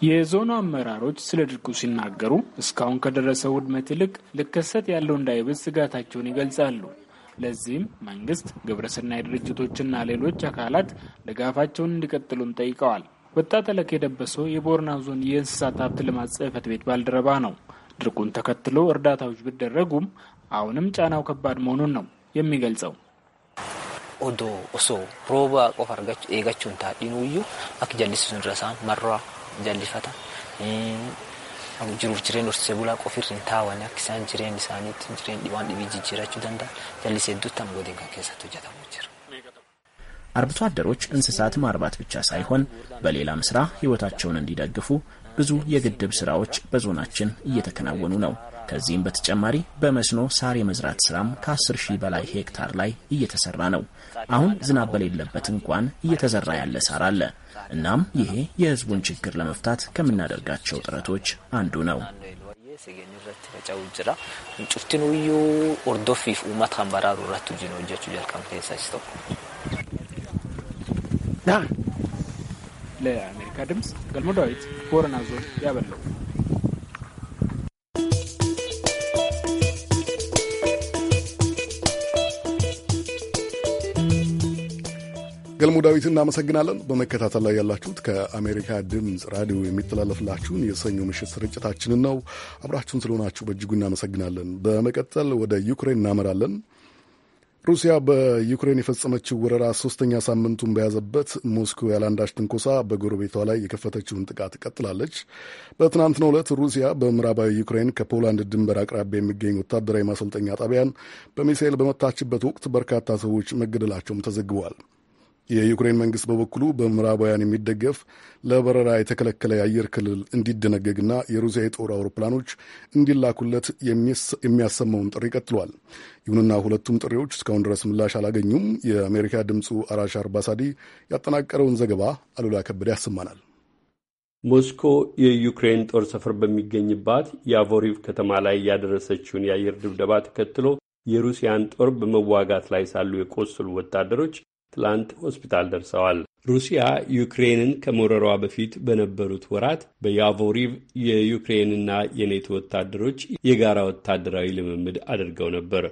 የዞኑ አመራሮች ስለ ድርቁ ሲናገሩ እስካሁን ከደረሰው ውድመት ይልቅ ልከሰት ያለው እንዳይበዝ ስጋታቸውን ይገልጻሉ። ለዚህም መንግስት ግብረሰናይ ድርጅቶችና ሌሎች አካላት ድጋፋቸውን እንዲቀጥሉም ጠይቀዋል። ወጣት ተለክ የደበሶ የቦርና ዞን የእንስሳት ሀብት ልማት ጽህፈት ቤት ባልደረባ ነው። ድርቁን ተከትሎ እርዳታዎች ቢደረጉም አሁንም ጫናው ከባድ መሆኑን ነው የሚገልጸው። ኦዶ ኦሶ ሮባ ቆፈር ኤገቹን ታዲኑ እዩ አክ ጀሊስ መራ ጀሊፈታ ጅሩፍ ጅሬን ርሴ ቡላ ቆፊር ንታዋን አክሳን ጅሬን ሳኒት ጅሬን ዲዋን ዲቢ ጅጅራችሁ ደንዳ ጀሊስ ዱታን ጎዴጋ ኬሳቱ ጀተሙ አርብቶ አደሮች እንስሳት ማርባት ብቻ ሳይሆን በሌላም ስራ ህይወታቸውን እንዲደግፉ ብዙ የግድብ ስራዎች በዞናችን እየተከናወኑ ነው። ከዚህም በተጨማሪ በመስኖ ሳር የመዝራት ስራም ከ10 ሺህ በላይ ሄክታር ላይ እየተሰራ ነው። አሁን ዝናብ በሌለበት እንኳን እየተዘራ ያለ ሳር አለ። እናም ይሄ የህዝቡን ችግር ለመፍታት ከምናደርጋቸው ጥረቶች አንዱ ነው። ለአሜሪካ ድምፅ ገልሞ ዳዊት ቦረና ዞን ያበለው። ገልሞ ዳዊት እናመሰግናለን። በመከታተል ላይ ያላችሁት ከአሜሪካ ድምፅ ራዲዮ የሚተላለፍላችሁን የሰኞ ምሽት ስርጭታችንን ነው። አብራችሁን ስለሆናችሁ በእጅጉ እናመሰግናለን። በመቀጠል ወደ ዩክሬን እናመራለን። ሩሲያ በዩክሬን የፈጸመችው ወረራ ሶስተኛ ሳምንቱን በያዘበት ሞስኮ ያላንዳች ትንኮሳ በጎረቤቷ ላይ የከፈተችውን ጥቃት ቀጥላለች። በትናንትናው ዕለት ሩሲያ በምዕራባዊ ዩክሬን ከፖላንድ ድንበር አቅራቢያ የሚገኝ ወታደራዊ ማሰልጠኛ ጣቢያን በሚሳኤል በመታችበት ወቅት በርካታ ሰዎች መገደላቸውም ተዘግቧል። የዩክሬን መንግስት በበኩሉ በምዕራባውያን የሚደገፍ ለበረራ የተከለከለ የአየር ክልል እንዲደነገግና የሩሲያ የጦር አውሮፕላኖች እንዲላኩለት የሚያሰማውን ጥሪ ቀጥሏል። ይሁንና ሁለቱም ጥሪዎች እስካሁን ድረስ ምላሽ አላገኙም። የአሜሪካ ድምፁ አራሽ አርባሳዲ ያጠናቀረውን ዘገባ አሉላ ከበደ ያሰማናል። ሞስኮ የዩክሬን ጦር ሰፈር በሚገኝባት የአቮሪቭ ከተማ ላይ ያደረሰችውን የአየር ድብደባ ተከትሎ የሩሲያን ጦር በመዋጋት ላይ ሳሉ የቆሰሉ ወታደሮች ትላንት ሆስፒታል ደርሰዋል። ሩሲያ ዩክሬንን ከመውረሯ በፊት በነበሩት ወራት በያቮሪቭ የዩክሬንና የኔቶ ወታደሮች የጋራ ወታደራዊ ልምምድ አድርገው ነበር።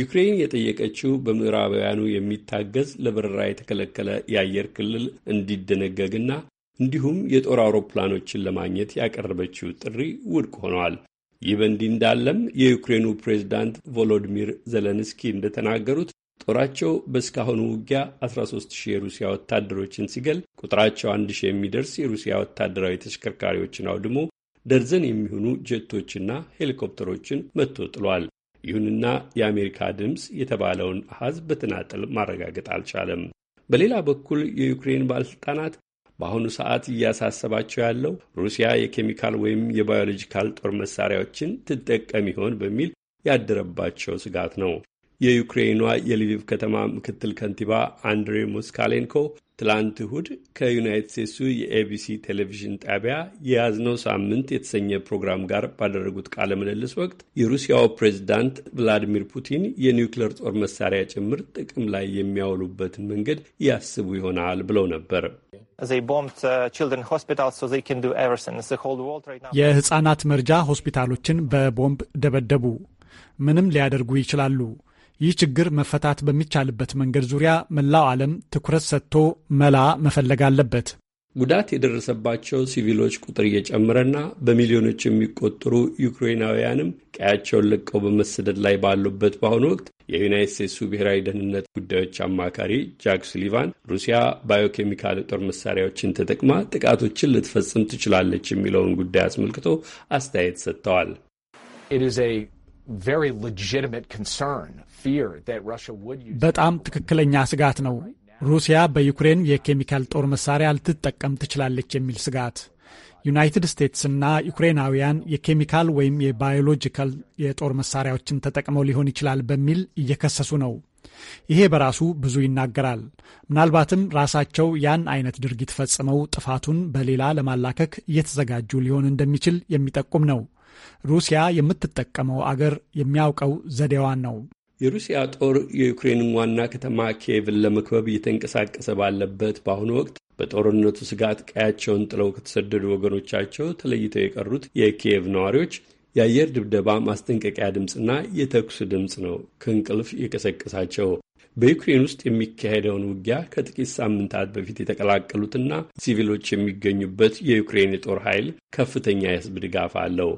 ዩክሬን የጠየቀችው በምዕራባውያኑ የሚታገዝ ለበረራ የተከለከለ የአየር ክልል እንዲደነገግና እንዲሁም የጦር አውሮፕላኖችን ለማግኘት ያቀረበችው ጥሪ ውድቅ ሆነዋል። ይህ በእንዲህ እንዳለም የዩክሬኑ ፕሬዝዳንት ቮሎዲሚር ዘለንስኪ እንደተናገሩት ጦራቸው በእስካሁኑ ውጊያ 13000 የሩሲያ ወታደሮችን ሲገል ቁጥራቸው 1000 የሚደርስ የሩሲያ ወታደራዊ ተሽከርካሪዎችን አውድሞ ደርዘን የሚሆኑ ጀቶችና ሄሊኮፕተሮችን መጥቶ ጥሏል። ይሁንና የአሜሪካ ድምፅ የተባለውን አሃዝ በተናጠል ማረጋገጥ አልቻለም። በሌላ በኩል የዩክሬን ባለሥልጣናት በአሁኑ ሰዓት እያሳሰባቸው ያለው ሩሲያ የኬሚካል ወይም የባዮሎጂካል ጦር መሳሪያዎችን ትጠቀም ይሆን በሚል ያደረባቸው ስጋት ነው። የዩክሬኗ የሊቪቭ ከተማ ምክትል ከንቲባ አንድሬ ሞስካሌንኮ ትላንት እሁድ ከዩናይትድ ስቴትሱ የኤቢሲ ቴሌቪዥን ጣቢያ የያዝነው ሳምንት የተሰኘ ፕሮግራም ጋር ባደረጉት ቃለ ምልልስ ወቅት የሩሲያው ፕሬዚዳንት ቭላዲሚር ፑቲን የኒውክሌር ጦር መሳሪያ ጭምር ጥቅም ላይ የሚያውሉበትን መንገድ ያስቡ ይሆናል ብለው ነበር። uh, የህጻናት መርጃ ሆስፒታሎችን በቦምብ ደበደቡ። ምንም ሊያደርጉ ይችላሉ። ይህ ችግር መፈታት በሚቻልበት መንገድ ዙሪያ መላው ዓለም ትኩረት ሰጥቶ መላ መፈለግ አለበት። ጉዳት የደረሰባቸው ሲቪሎች ቁጥር እየጨመረና በሚሊዮኖች የሚቆጠሩ ዩክሬናውያንም ቀያቸውን ለቀው በመሰደድ ላይ ባሉበት በአሁኑ ወቅት የዩናይት ስቴትሱ ብሔራዊ ደህንነት ጉዳዮች አማካሪ ጃክ ሱሊቫን ሩሲያ ባዮኬሚካል ጦር መሳሪያዎችን ተጠቅማ ጥቃቶችን ልትፈጽም ትችላለች የሚለውን ጉዳይ አስመልክቶ አስተያየት ሰጥተዋል። በጣም ትክክለኛ ስጋት ነው። ሩሲያ በዩክሬን የኬሚካል ጦር መሳሪያ ልትጠቀም ትችላለች የሚል ስጋት ዩናይትድ ስቴትስ እና ዩክሬናውያን የኬሚካል ወይም የባዮሎጂካል የጦር መሳሪያዎችን ተጠቅመው ሊሆን ይችላል በሚል እየከሰሱ ነው። ይሄ በራሱ ብዙ ይናገራል። ምናልባትም ራሳቸው ያን አይነት ድርጊት ፈጽመው ጥፋቱን በሌላ ለማላከክ እየተዘጋጁ ሊሆን እንደሚችል የሚጠቁም ነው። ሩሲያ የምትጠቀመው አገር የሚያውቀው ዘዴዋን ነው። የሩሲያ ጦር የዩክሬንን ዋና ከተማ ኪየቭን ለመክበብ እየተንቀሳቀሰ ባለበት በአሁኑ ወቅት በጦርነቱ ስጋት ቀያቸውን ጥለው ከተሰደዱ ወገኖቻቸው ተለይተው የቀሩት የኪየቭ ነዋሪዎች የአየር ድብደባ ማስጠንቀቂያ ድምፅና የተኩስ ድምፅ ነው ከእንቅልፍ የቀሰቀሳቸው። በዩክሬን ውስጥ የሚካሄደውን ውጊያ ከጥቂት ሳምንታት በፊት የተቀላቀሉትና ሲቪሎች የሚገኙበት የዩክሬን የጦር ኃይል ከፍተኛ የሕዝብ ድጋፍ አለው።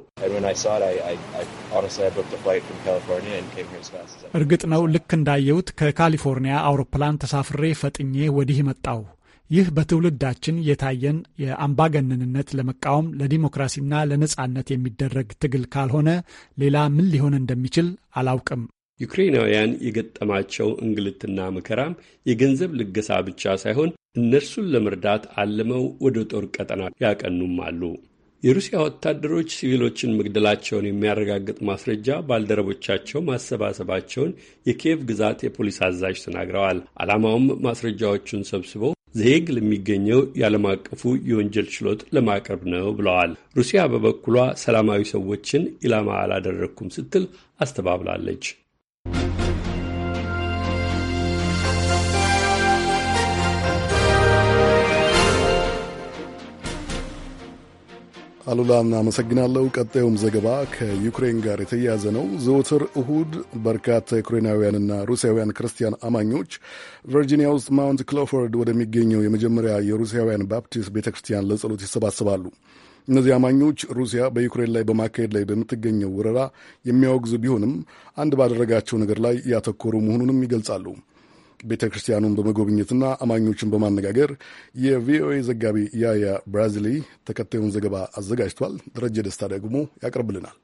እርግጥ ነው ልክ እንዳየሁት ከካሊፎርኒያ አውሮፕላን ተሳፍሬ ፈጥኜ ወዲህ መጣው። ይህ በትውልዳችን የታየን የአምባገነንነት ለመቃወም ለዲሞክራሲና ለነጻነት የሚደረግ ትግል ካልሆነ ሌላ ምን ሊሆን እንደሚችል አላውቅም። ዩክሬናውያን የገጠማቸው እንግልትና መከራም የገንዘብ ልገሳ ብቻ ሳይሆን እነርሱን ለመርዳት አልመው ወደ ጦር ቀጠና ያቀኑም አሉ። የሩሲያ ወታደሮች ሲቪሎችን መግደላቸውን የሚያረጋግጥ ማስረጃ ባልደረቦቻቸው ማሰባሰባቸውን የኪየቭ ግዛት የፖሊስ አዛዥ ተናግረዋል። ዓላማውም ማስረጃዎቹን ሰብስበው ዘሄግ ለሚገኘው የዓለም አቀፉ የወንጀል ችሎት ለማቅረብ ነው ብለዋል። ሩሲያ በበኩሏ ሰላማዊ ሰዎችን ኢላማ አላደረግኩም ስትል አስተባብላለች። አሉላ አመሰግናለሁ። ቀጣዩም ዘገባ ከዩክሬን ጋር የተያያዘ ነው። ዘወትር እሁድ በርካታ ዩክሬናውያንና ሩሲያውያን ክርስቲያን አማኞች ቨርጂኒያ ውስጥ ማውንት ክሎፎርድ ወደሚገኘው የመጀመሪያ የሩሲያውያን ባፕቲስት ቤተ ክርስቲያን ለጸሎት ይሰባሰባሉ። እነዚህ አማኞች ሩሲያ በዩክሬን ላይ በማካሄድ ላይ በምትገኘው ወረራ የሚያወግዙ ቢሆንም አንድ ባደረጋቸው ነገር ላይ ያተኮሩ መሆኑንም ይገልጻሉ። ቤተ ክርስቲያኑን በመጎብኘትና አማኞችን በማነጋገር የቪኦኤ ዘጋቢ ያያ ብራዚሊ ተከታዩን ዘገባ አዘጋጅቷል። ደረጀ ደስታ ደግሞ ያቀርብልናል።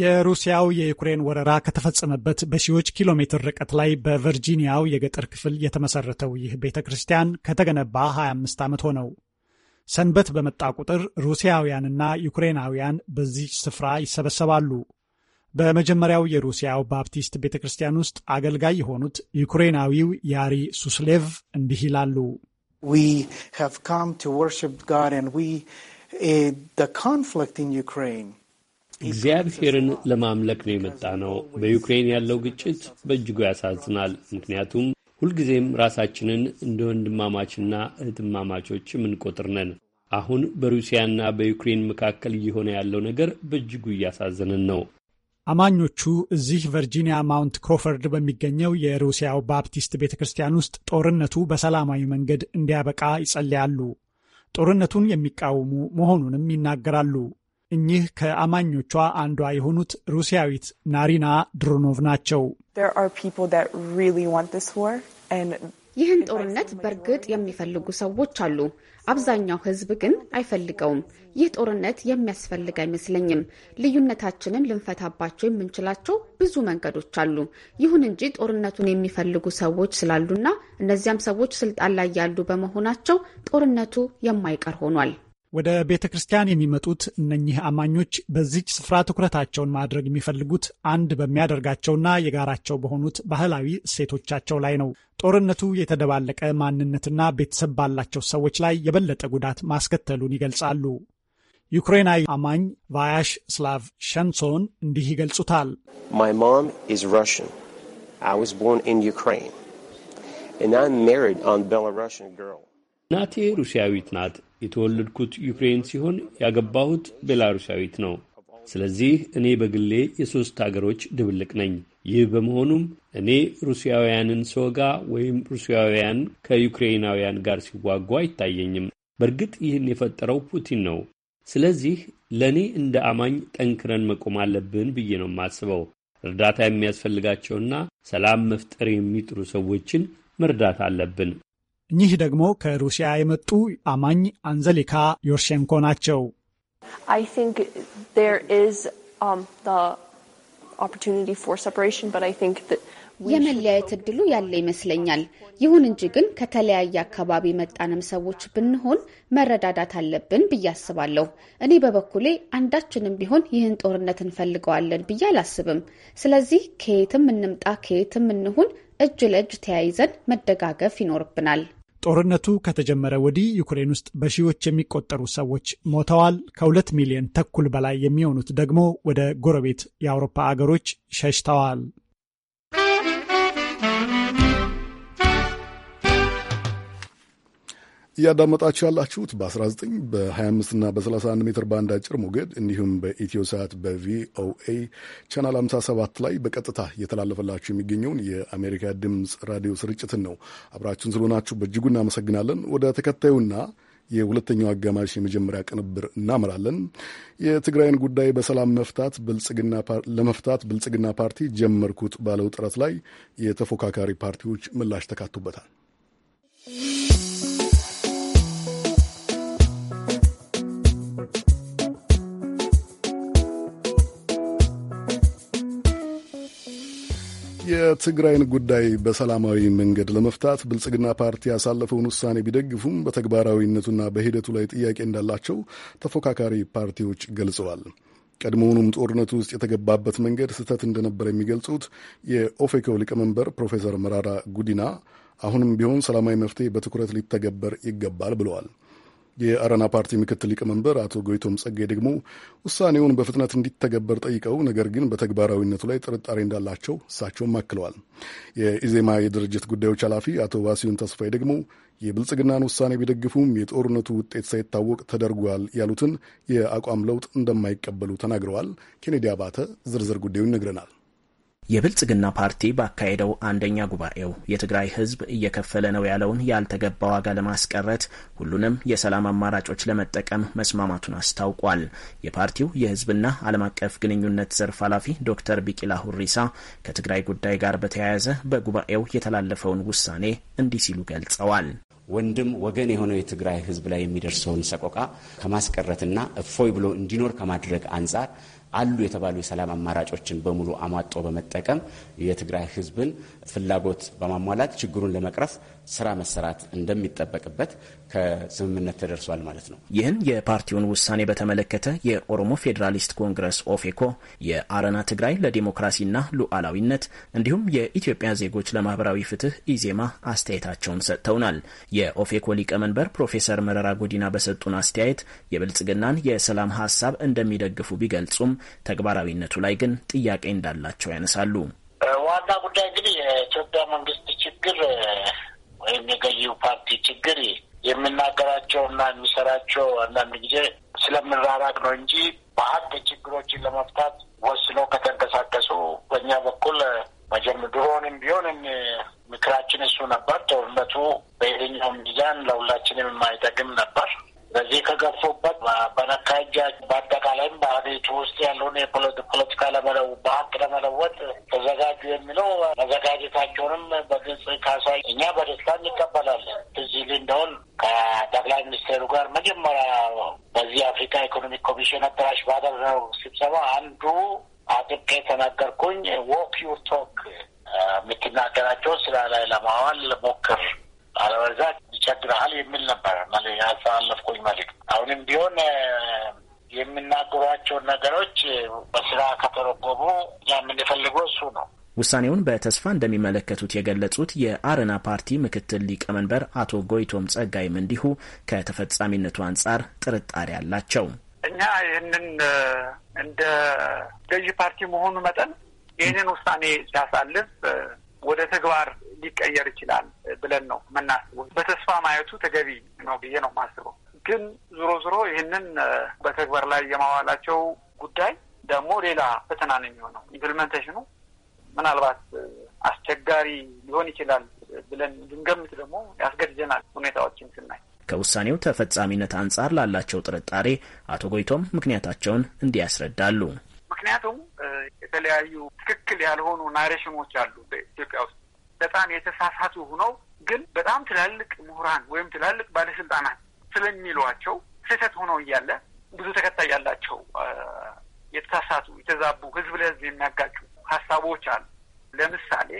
የሩሲያው የዩክሬን ወረራ ከተፈጸመበት በሺዎች ኪሎ ሜትር ርቀት ላይ በቨርጂኒያው የገጠር ክፍል የተመሰረተው ይህ ቤተ ክርስቲያን ከተገነባ 25 ዓመት ሆነው። ሰንበት በመጣ ቁጥር ሩሲያውያንና ዩክሬናውያን በዚህ ስፍራ ይሰበሰባሉ። በመጀመሪያው የሩሲያው ባፕቲስት ቤተ ክርስቲያን ውስጥ አገልጋይ የሆኑት ዩክሬናዊው ያሪ ሱስሌቭ እንዲህ ይላሉ። eh, እግዚአብሔርን ለማምለክ ነው የመጣ ነው። በዩክሬን ያለው ግጭት በእጅጉ ያሳዝናል። ምክንያቱም ሁልጊዜም ራሳችንን እንደ ወንድማማችና እህትማማቾች የምንቆጥር ነን። አሁን በሩሲያና በዩክሬን መካከል እየሆነ ያለው ነገር በእጅጉ እያሳዘንን ነው። አማኞቹ እዚህ ቨርጂኒያ ማውንት ኮፈርድ በሚገኘው የሩሲያው ባፕቲስት ቤተ ክርስቲያን ውስጥ ጦርነቱ በሰላማዊ መንገድ እንዲያበቃ ይጸልያሉ። ጦርነቱን የሚቃወሙ መሆኑንም ይናገራሉ። እኚህ ከአማኞቿ አንዷ የሆኑት ሩሲያዊት ናሪና ድሮኖቭ ናቸው። ይህን ጦርነት በእርግጥ የሚፈልጉ ሰዎች አሉ። አብዛኛው ህዝብ ግን አይፈልገውም። ይህ ጦርነት የሚያስፈልግ አይመስለኝም። ልዩነታችንን ልንፈታባቸው የምንችላቸው ብዙ መንገዶች አሉ። ይሁን እንጂ ጦርነቱን የሚፈልጉ ሰዎች ስላሉና እነዚያም ሰዎች ስልጣን ላይ ያሉ በመሆናቸው ጦርነቱ የማይቀር ሆኗል። ወደ ቤተ ክርስቲያን የሚመጡት እነኚህ አማኞች በዚች ስፍራ ትኩረታቸውን ማድረግ የሚፈልጉት አንድ በሚያደርጋቸውና የጋራቸው በሆኑት ባህላዊ እሴቶቻቸው ላይ ነው። ጦርነቱ የተደባለቀ ማንነትና ቤተሰብ ባላቸው ሰዎች ላይ የበለጠ ጉዳት ማስከተሉን ይገልጻሉ። ዩክሬናዊ አማኝ ቫያሽ ስላቭ ሸንሶን እንዲህ ይገልጹታል። ማይ ማም ኢዝ ራሽን አይ ዋዝ ቦርን ኢን ዩክሬን አም ኦን ቤላሩሽን ግርል እናቴ ሩሲያዊት ናት የተወለድኩት ዩክሬን ሲሆን ያገባሁት ቤላሩሳዊት ነው። ስለዚህ እኔ በግሌ የሦስት አገሮች ድብልቅ ነኝ። ይህ በመሆኑም እኔ ሩሲያውያንን ስወጋ ወይም ሩሲያውያን ከዩክሬናውያን ጋር ሲዋጉ አይታየኝም። በእርግጥ ይህን የፈጠረው ፑቲን ነው። ስለዚህ ለእኔ እንደ አማኝ ጠንክረን መቆም አለብን ብዬ ነው የማስበው። እርዳታ የሚያስፈልጋቸውና ሰላም መፍጠር የሚጥሩ ሰዎችን መርዳት አለብን። እኚህ ደግሞ ከሩሲያ የመጡ አማኝ አንዘሊካ ዮርሼንኮ ናቸው። um, የመለያየት እድሉ ያለ ይመስለኛል። ይሁን እንጂ ግን ከተለያየ አካባቢ መጣንም ሰዎች ብንሆን መረዳዳት አለብን ብዬ አስባለሁ። እኔ በበኩሌ አንዳችንም ቢሆን ይህን ጦርነት እንፈልገዋለን ብዬ አላስብም። ስለዚህ ከየትም እንምጣ፣ ከየትም እንሁን እጅ ለእጅ ተያይዘን መደጋገፍ ይኖርብናል። ጦርነቱ ከተጀመረ ወዲህ ዩክሬን ውስጥ በሺዎች የሚቆጠሩ ሰዎች ሞተዋል። ከሁለት ሚሊዮን ተኩል በላይ የሚሆኑት ደግሞ ወደ ጎረቤት የአውሮፓ አገሮች ሸሽተዋል። እያዳመጣችሁ ያላችሁት በ19 በ25 እና በ31 ሜትር ባንድ አጭር ሞገድ እንዲሁም በኢትዮ ሰዓት በቪኦኤ ቻናል 57 ላይ በቀጥታ እየተላለፈላችሁ የሚገኘውን የአሜሪካ ድምፅ ራዲዮ ስርጭትን ነው። አብራችሁን ስለሆናችሁ በእጅጉ እናመሰግናለን። ወደ ተከታዩና የሁለተኛው አጋማሽ የመጀመሪያ ቅንብር እናመራለን። የትግራይን ጉዳይ በሰላም መፍታት ለመፍታት ብልጽግና ፓርቲ ጀመርኩት ባለው ጥረት ላይ የተፎካካሪ ፓርቲዎች ምላሽ ተካቶበታል። የትግራይን ጉዳይ በሰላማዊ መንገድ ለመፍታት ብልጽግና ፓርቲ ያሳለፈውን ውሳኔ ቢደግፉም በተግባራዊነቱና በሂደቱ ላይ ጥያቄ እንዳላቸው ተፎካካሪ ፓርቲዎች ገልጸዋል። ቀድሞውኑም ጦርነቱ ውስጥ የተገባበት መንገድ ስህተት እንደነበር የሚገልጹት የኦፌኮ ሊቀመንበር ፕሮፌሰር መራራ ጉዲና አሁንም ቢሆን ሰላማዊ መፍትሄ በትኩረት ሊተገበር ይገባል ብለዋል። የአረና ፓርቲ ምክትል ሊቀመንበር አቶ ጎይቶም ጸጋይ ደግሞ ውሳኔውን በፍጥነት እንዲተገበር ጠይቀው ነገር ግን በተግባራዊነቱ ላይ ጥርጣሬ እንዳላቸው እሳቸውም አክለዋል። የኢዜማ የድርጅት ጉዳዮች ኃላፊ አቶ ባሲዩን ተስፋይ ደግሞ የብልጽግናን ውሳኔ ቢደግፉም የጦርነቱ ውጤት ሳይታወቅ ተደርጓል ያሉትን የአቋም ለውጥ እንደማይቀበሉ ተናግረዋል። ኬኔዲ አባተ ዝርዝር ጉዳዩን ይነግረናል። የብልጽግና ፓርቲ ባካሄደው አንደኛ ጉባኤው የትግራይ ሕዝብ እየከፈለ ነው ያለውን ያልተገባ ዋጋ ለማስቀረት ሁሉንም የሰላም አማራጮች ለመጠቀም መስማማቱን አስታውቋል። የፓርቲው የሕዝብና ዓለም አቀፍ ግንኙነት ዘርፍ ኃላፊ ዶክተር ቢቂላ ሁሪሳ ከትግራይ ጉዳይ ጋር በተያያዘ በጉባኤው የተላለፈውን ውሳኔ እንዲህ ሲሉ ገልጸዋል። ወንድም ወገን የሆነው የትግራይ ሕዝብ ላይ የሚደርሰውን ሰቆቃ ከማስቀረትና እፎይ ብሎ እንዲኖር ከማድረግ አንጻር አሉ የተባሉ የሰላም አማራጮችን በሙሉ አሟጦ በመጠቀም የትግራይ ህዝብን ፍላጎት በማሟላት ችግሩን ለመቅረፍ ስራ መሰራት እንደሚጠበቅበት ከስምምነት ተደርሷል ማለት ነው። ይህን የፓርቲውን ውሳኔ በተመለከተ የኦሮሞ ፌዴራሊስት ኮንግረስ ኦፌኮ፣ የአረና ትግራይ ለዲሞክራሲና ሉዓላዊነት እንዲሁም የኢትዮጵያ ዜጎች ለማህበራዊ ፍትህ ኢዜማ አስተያየታቸውን ሰጥተውናል። የኦፌኮ ሊቀመንበር ፕሮፌሰር መረራ ጉዲና በሰጡን አስተያየት የብልጽግናን የሰላም ሀሳብ እንደሚደግፉ ቢገልጹም ተግባራዊነቱ ላይ ግን ጥያቄ እንዳላቸው ያነሳሉ። ዋና ጉዳይ እንግዲህ የኢትዮጵያ መንግስት ችግር ወይም የገዢው ፓርቲ ችግር የምናገራቸው እና የሚሰራቸው አንዳንድ ጊዜ ስለምንራራቅ ነው እንጂ በሀቅ ችግሮችን ለመፍታት ወስኖ ከተንቀሳቀሱ በእኛ በኩል መጀመ ድሮንም ቢሆን ምክራችን እሱ ነበር። ጦርነቱ በየትኛውም ሚዛን ለሁላችንም የማይጠቅም ነበር። በዚህ ከገፉበት በነካ ያለውን የፖለቲካ ለመለው በሀቅ ለመለወጥ ተዘጋጁ የሚለው መዘጋጀታቸውንም በግልጽ ካሳ እኛ በደስታ እንቀበላለን። እዚህ እንደሆን ከጠቅላይ ሚኒስትሩ ጋር መጀመሪያ በዚህ አፍሪካ ኢኮኖሚክ ኮሚሽን አዳራሽ ባደረው ስብሰባ አንዱ አጥብቄ ተናገርኩኝ። ዎክ ዩር ቶክ የምትናገራቸው ስራ ላይ ለማዋል ውሳኔውን በተስፋ እንደሚመለከቱት የገለጹት የአረና ፓርቲ ምክትል ሊቀመንበር አቶ ጎይቶም ጸጋይም እንዲሁ ከተፈጻሚነቱ አንጻር ጥርጣሬ አላቸው። እኛ ይህንን እንደ ገዢ ፓርቲ መሆኑ መጠን ይህንን ውሳኔ ሲያሳልፍ ወደ ተግባር ሊቀየር ይችላል ብለን ነው የምናስበው። በተስፋ ማየቱ ተገቢ ነው ብዬ ነው የማስበው። ግን ዞሮ ዞሮ ይህንን በተግባር ላይ የማዋላቸው ጉዳይ ደግሞ ሌላ ፈተና ነው የሚሆነው። ኢምፕሊመንቴሽኑ ምናልባት አስቸጋሪ ሊሆን ይችላል ብለን እንድንገምት ደግሞ ያስገድደናል ሁኔታዎችን ስናይ። ከውሳኔው ተፈጻሚነት አንጻር ላላቸው ጥርጣሬ አቶ ጎይቶም ምክንያታቸውን እንዲህ ያስረዳሉ። ምክንያቱም የተለያዩ ትክክል ያልሆኑ ናሬሽኖች አሉ በኢትዮጵያ ውስጥ በጣም የተሳሳቱ ሆነው ግን በጣም ትላልቅ ምሁራን ወይም ትላልቅ ባለስልጣናት ስለሚሏቸው ስህተት ሆነው እያለ ብዙ ተከታይ ያላቸው የተሳሳቱ የተዛቡ ህዝብ ለህዝብ የሚያጋጩ ሀሳቦች አሉ። ለምሳሌ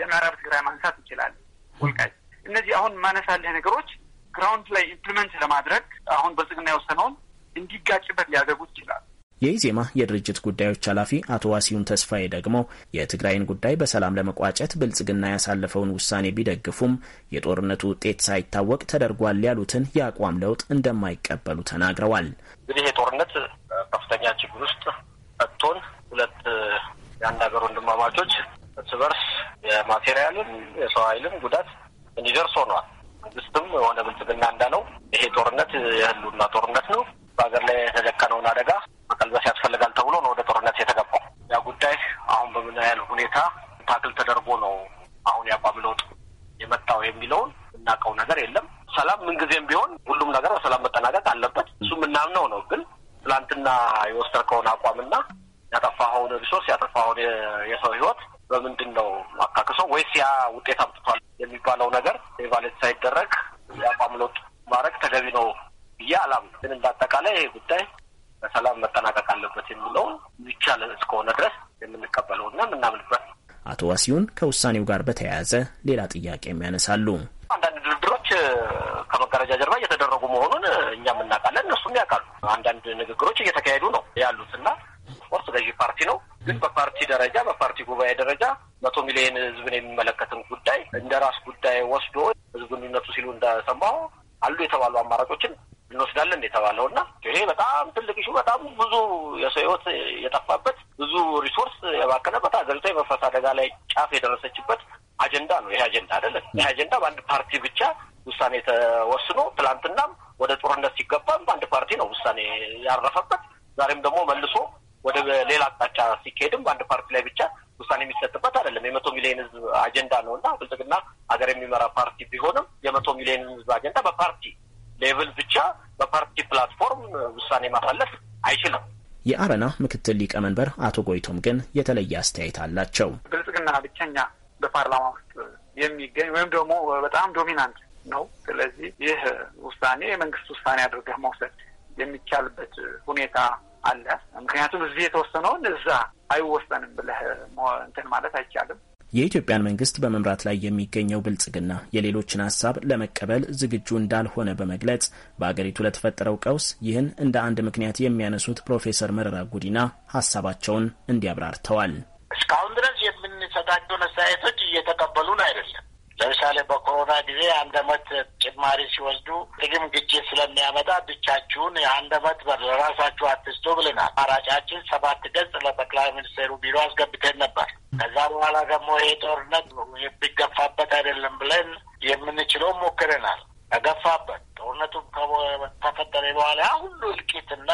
የምዕራብ ትግራይ ማንሳት እንችላለን። ወልቃይት፣ እነዚህ አሁን ማነሳለህ ነገሮች ግራውንድ ላይ ኢምፕሊመንት ለማድረግ አሁን ብልጽግና የወሰነውን እንዲጋጭበት ሊያደርጉት ይችላል። የኢዜማ የድርጅት ጉዳዮች ኃላፊ አቶ ዋሲሁን ተስፋዬ ደግሞ የትግራይን ጉዳይ በሰላም ለመቋጨት ብልጽግና ያሳለፈውን ውሳኔ ቢደግፉም የጦርነቱ ውጤት ሳይታወቅ ተደርጓል ያሉትን የአቋም ለውጥ እንደማይቀበሉ ተናግረዋል። እንግዲህ የጦርነት ከፍተኛ ችግር ውስጥ መጥቶን ሁለት የአንድ ሀገር ወንድማማቾች እርስ በርስ የማቴሪያልም የሰው ኃይልም ጉዳት እንዲደርስ ሆኗል። መንግስትም የሆነ ብልጽግና እንዳለው ይሄ ጦርነት የህልውና ጦርነት ነው፣ በሀገር ላይ የተደቀነውን አደጋ መቀልበስ ያስፈልጋል ተብሎ ነው ወደ ጦርነት የተገባው። ያ ጉዳይ አሁን በምን ያህል ሁኔታ ታክል ተደርጎ ነው አሁን ያቋም ለውጥ የመጣው የሚለውን እናቀው ነገር የለም። ሰላም ምንጊዜም ቢሆን ሁሉም ነገር በሰላም መጠናቀቅ አለበት። እሱ የምናምነው ነው። ግን ትላንትና የወሰድከውን አቋምና ያጠፋኸውን ሪሶርስ ያጠፋኸውን የሰው ህይወት በምንድን ነው ማካከሰው ወይስ ያ ውጤት አምጥቷል የሚባለው ነገር ኤቫሌት ሳይደረግ የአቋም ለውጥ ማድረግ ተገቢ ነው ብዬ አላምንም። ግን እንዳጠቃላይ ይሄ ጉዳይ በሰላም መጠናቀቅ አለበት የሚለውን ይቻል እስከሆነ ድረስ የምንቀበለውና የምናምንበት ነው። አቶ ዋሲሁን ከውሳኔው ጋር በተያያዘ ሌላ ጥያቄ ያነሳሉ። አንዳንድ ድርድሮች ከመጋረጃ ጀርባ እየተደረጉ መሆኑን እኛም እናውቃለን፣ እነሱም ያውቃሉ። አንዳንድ ንግግሮች እየተካሄዱ ነው ያሉት እና ኦፍኮርስ ገዢ ፓርቲ ነው። ግን በፓርቲ ደረጃ በፓርቲ ጉባኤ ደረጃ መቶ ሚሊዮን ህዝብን የሚመለከትን ጉዳይ እንደ ራስ ጉዳይ ወስዶ ህዝብንነቱ ሲሉ እንደሰማው አሉ የተባሉ አማራጮችን እንወስዳለን የተባለው እና ይሄ በጣም ትልቅ ሹ በጣም ብዙ የሰው ህይወት የጠፋበት ብዙ ሪሶርስ የባከነበት ሀገሪቷ የመፍረስ አደጋ ላይ ጫፍ የደረሰችበት አጀንዳ ነው። ይሄ አጀንዳ አይደለም። ይሄ አጀንዳ በአንድ ፓርቲ ብቻ ውሳኔ ተወስኖ ትላንትናም ወደ ጦርነት ሲገባም በአንድ ፓርቲ ነው ውሳኔ ያረፈበት። ዛሬም ደግሞ መልሶ ወደ ሌላ አቅጣጫ ሲካሄድም በአንድ ፓርቲ ላይ ብቻ ውሳኔ የሚሰጥበት አይደለም። የመቶ ሚሊዮን ህዝብ አጀንዳ ነው እና ብልጽግና ሀገር የሚመራ ፓርቲ ቢሆንም የመቶ ሚሊዮን ህዝብ አጀንዳ በፓርቲ ሌቭል ብቻ በፓርቲ ፕላትፎርም ውሳኔ ማሳለፍ አይችልም። የአረና ምክትል ሊቀመንበር አቶ ጎይቶም ግን የተለየ አስተያየት አላቸው። ብልጽግና ብቸኛ በፓርላማ ውስጥ የሚገኝ ወይም ደግሞ በጣም ዶሚናንት ነው። ስለዚህ ይህ ውሳኔ የመንግስት ውሳኔ አድርገህ መውሰድ የሚቻልበት ሁኔታ አለ። ምክንያቱም እዚህ የተወሰነውን እዛ አይወሰንም ብለህ እንትን ማለት አይቻልም። የኢትዮጵያን መንግስት በመምራት ላይ የሚገኘው ብልጽግና የሌሎችን ሀሳብ ለመቀበል ዝግጁ እንዳልሆነ በመግለጽ በአገሪቱ ለተፈጠረው ቀውስ ይህን እንደ አንድ ምክንያት የሚያነሱት ፕሮፌሰር መረራ ጉዲና ሀሳባቸውን እንዲያብራርተዋል። እስካሁን ድረስ የምንሰጣቸውን አስተያየቶች እየተቀበሉን አይደለም። ለምሳሌ በኮሮና ጊዜ አንድ አመት ጭማሪ ሲወስዱ ጥቅም ግጭት ስለሚያመጣ ብቻችሁን የአንድ አመት ለራሳችሁ አትስቶ ብለናል። አማራጫችን ሰባት ገጽ ለጠቅላይ ሚኒስትሩ ቢሮ አስገብተን ነበር። ከዛ በኋላ ደግሞ ይሄ ጦርነት የሚገፋበት አይደለም ብለን የምንችለው ሞክረናል። ተገፋበት። ጦርነቱ ከፈጠረ በኋላ ሁሉ እልቂትና